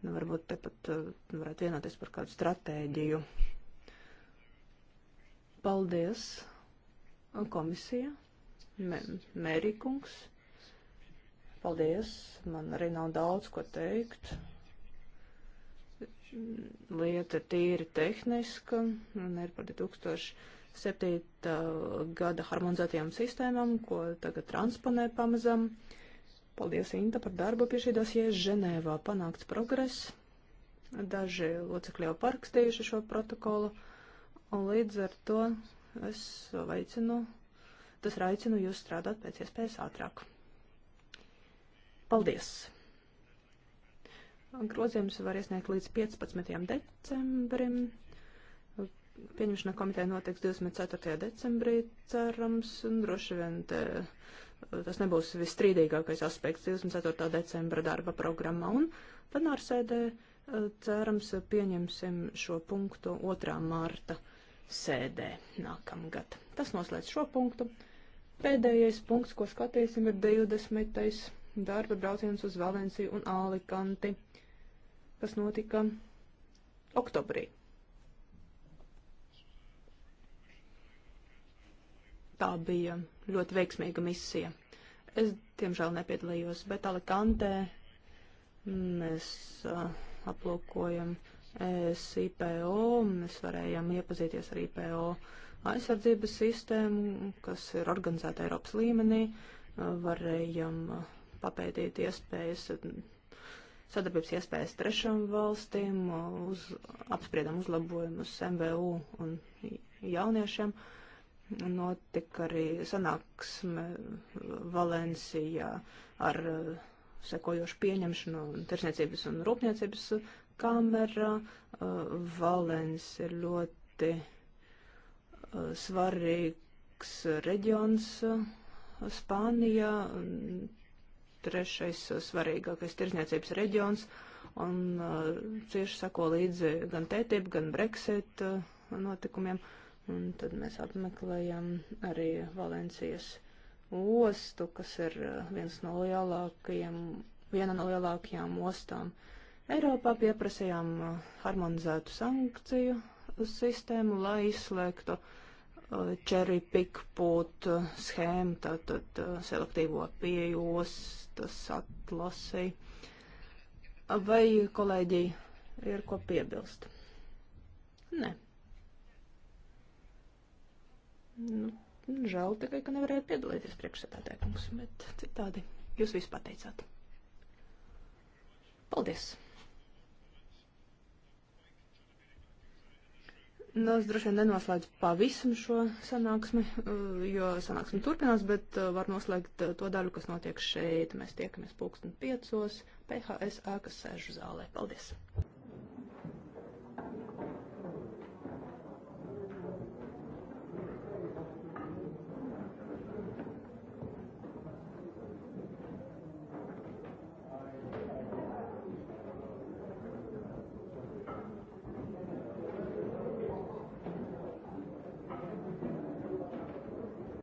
Nu, varbūt te pat eh, varētu vienoties par kādu stratēģiju. Paldies, komisija, Mē, Mērikungs. Paldies, man arī nav daudz ko teikt. Lieta tīri tehniska, un ir par 2007. gada harmonizētajām sistēmām, ko tagad transponē pamazam. Paldies, Inta, par darbu pie šī dosies Ženēvā panākts progress. Daži locekļi jau parakstījuši šo protokolu, un līdz ar to es aicinu, tas aicinu jūs strādāt pēc iespējas ātrāk. Paldies! Grozījums var iesniegt līdz 15. decembrim. Pieņemšana komiteja notiks 24. decembrī, cerams, un droši vien te, tas nebūs visstrīdīgākais aspekts 24. decembra darba programmā. Un plenārsēdē, cerams, pieņemsim šo punktu 2. mārta sēdē nākamgad. Tas noslēdz šo punktu. Pēdējais punkts, ko skatīsim, ir 20 darba brauciens uz Valenciju un Alikanti, kas notika oktobrī. Tā bija ļoti veiksmīga misija. Es, diemžēl, nepiedalījos, bet Alikantē mēs uh, aplūkojam SIPO, mēs varējām iepazīties ar IPO aizsardzības sistēmu, kas ir organizēta Eiropas līmenī, varējām uh, papētīt iespējas, sadarbības iespējas trešām valstīm, uz, apspriedām uzlabojumus MVU un jauniešiem. Notika arī sanāksme Valencijā ar uh, sekojošu pieņemšanu tirsniecības un rūpniecības kamera. Uh, Valens ir ļoti uh, svarīgs reģions Spānijā trešais eh, svarīgākais tirzniecības reģions un uh, cieši sako līdzi gan TTIP, gan Brexit uh, notikumiem. Un tad mēs apmeklējam arī Valencijas ostu, kas ir viens no lielākajiem, viena no lielākajām ostām Eiropā. Pieprasījām harmonizētu sankciju sistēmu, lai izslēgtu uh, cherry pick pūt uh, schēma, tātad uh, selektīvo pieejos, tas atlasi. Vai kolēģi ir ko piebilst? Nē. Nu, žēl tikai, ka nevarēja piedalīties priekšsētātēkums, bet citādi jūs visu pateicāt. Paldies! Nu, es droši vien nenoslēdzu pavisam šo sanāksmi, eh, jo sanāksmi turpinās, bet eh, var noslēgt eh, to daļu, kas notiek šeit. Mēs tiekamies pulksten piecos, PHS ēkas sēžu zālē. Paldies!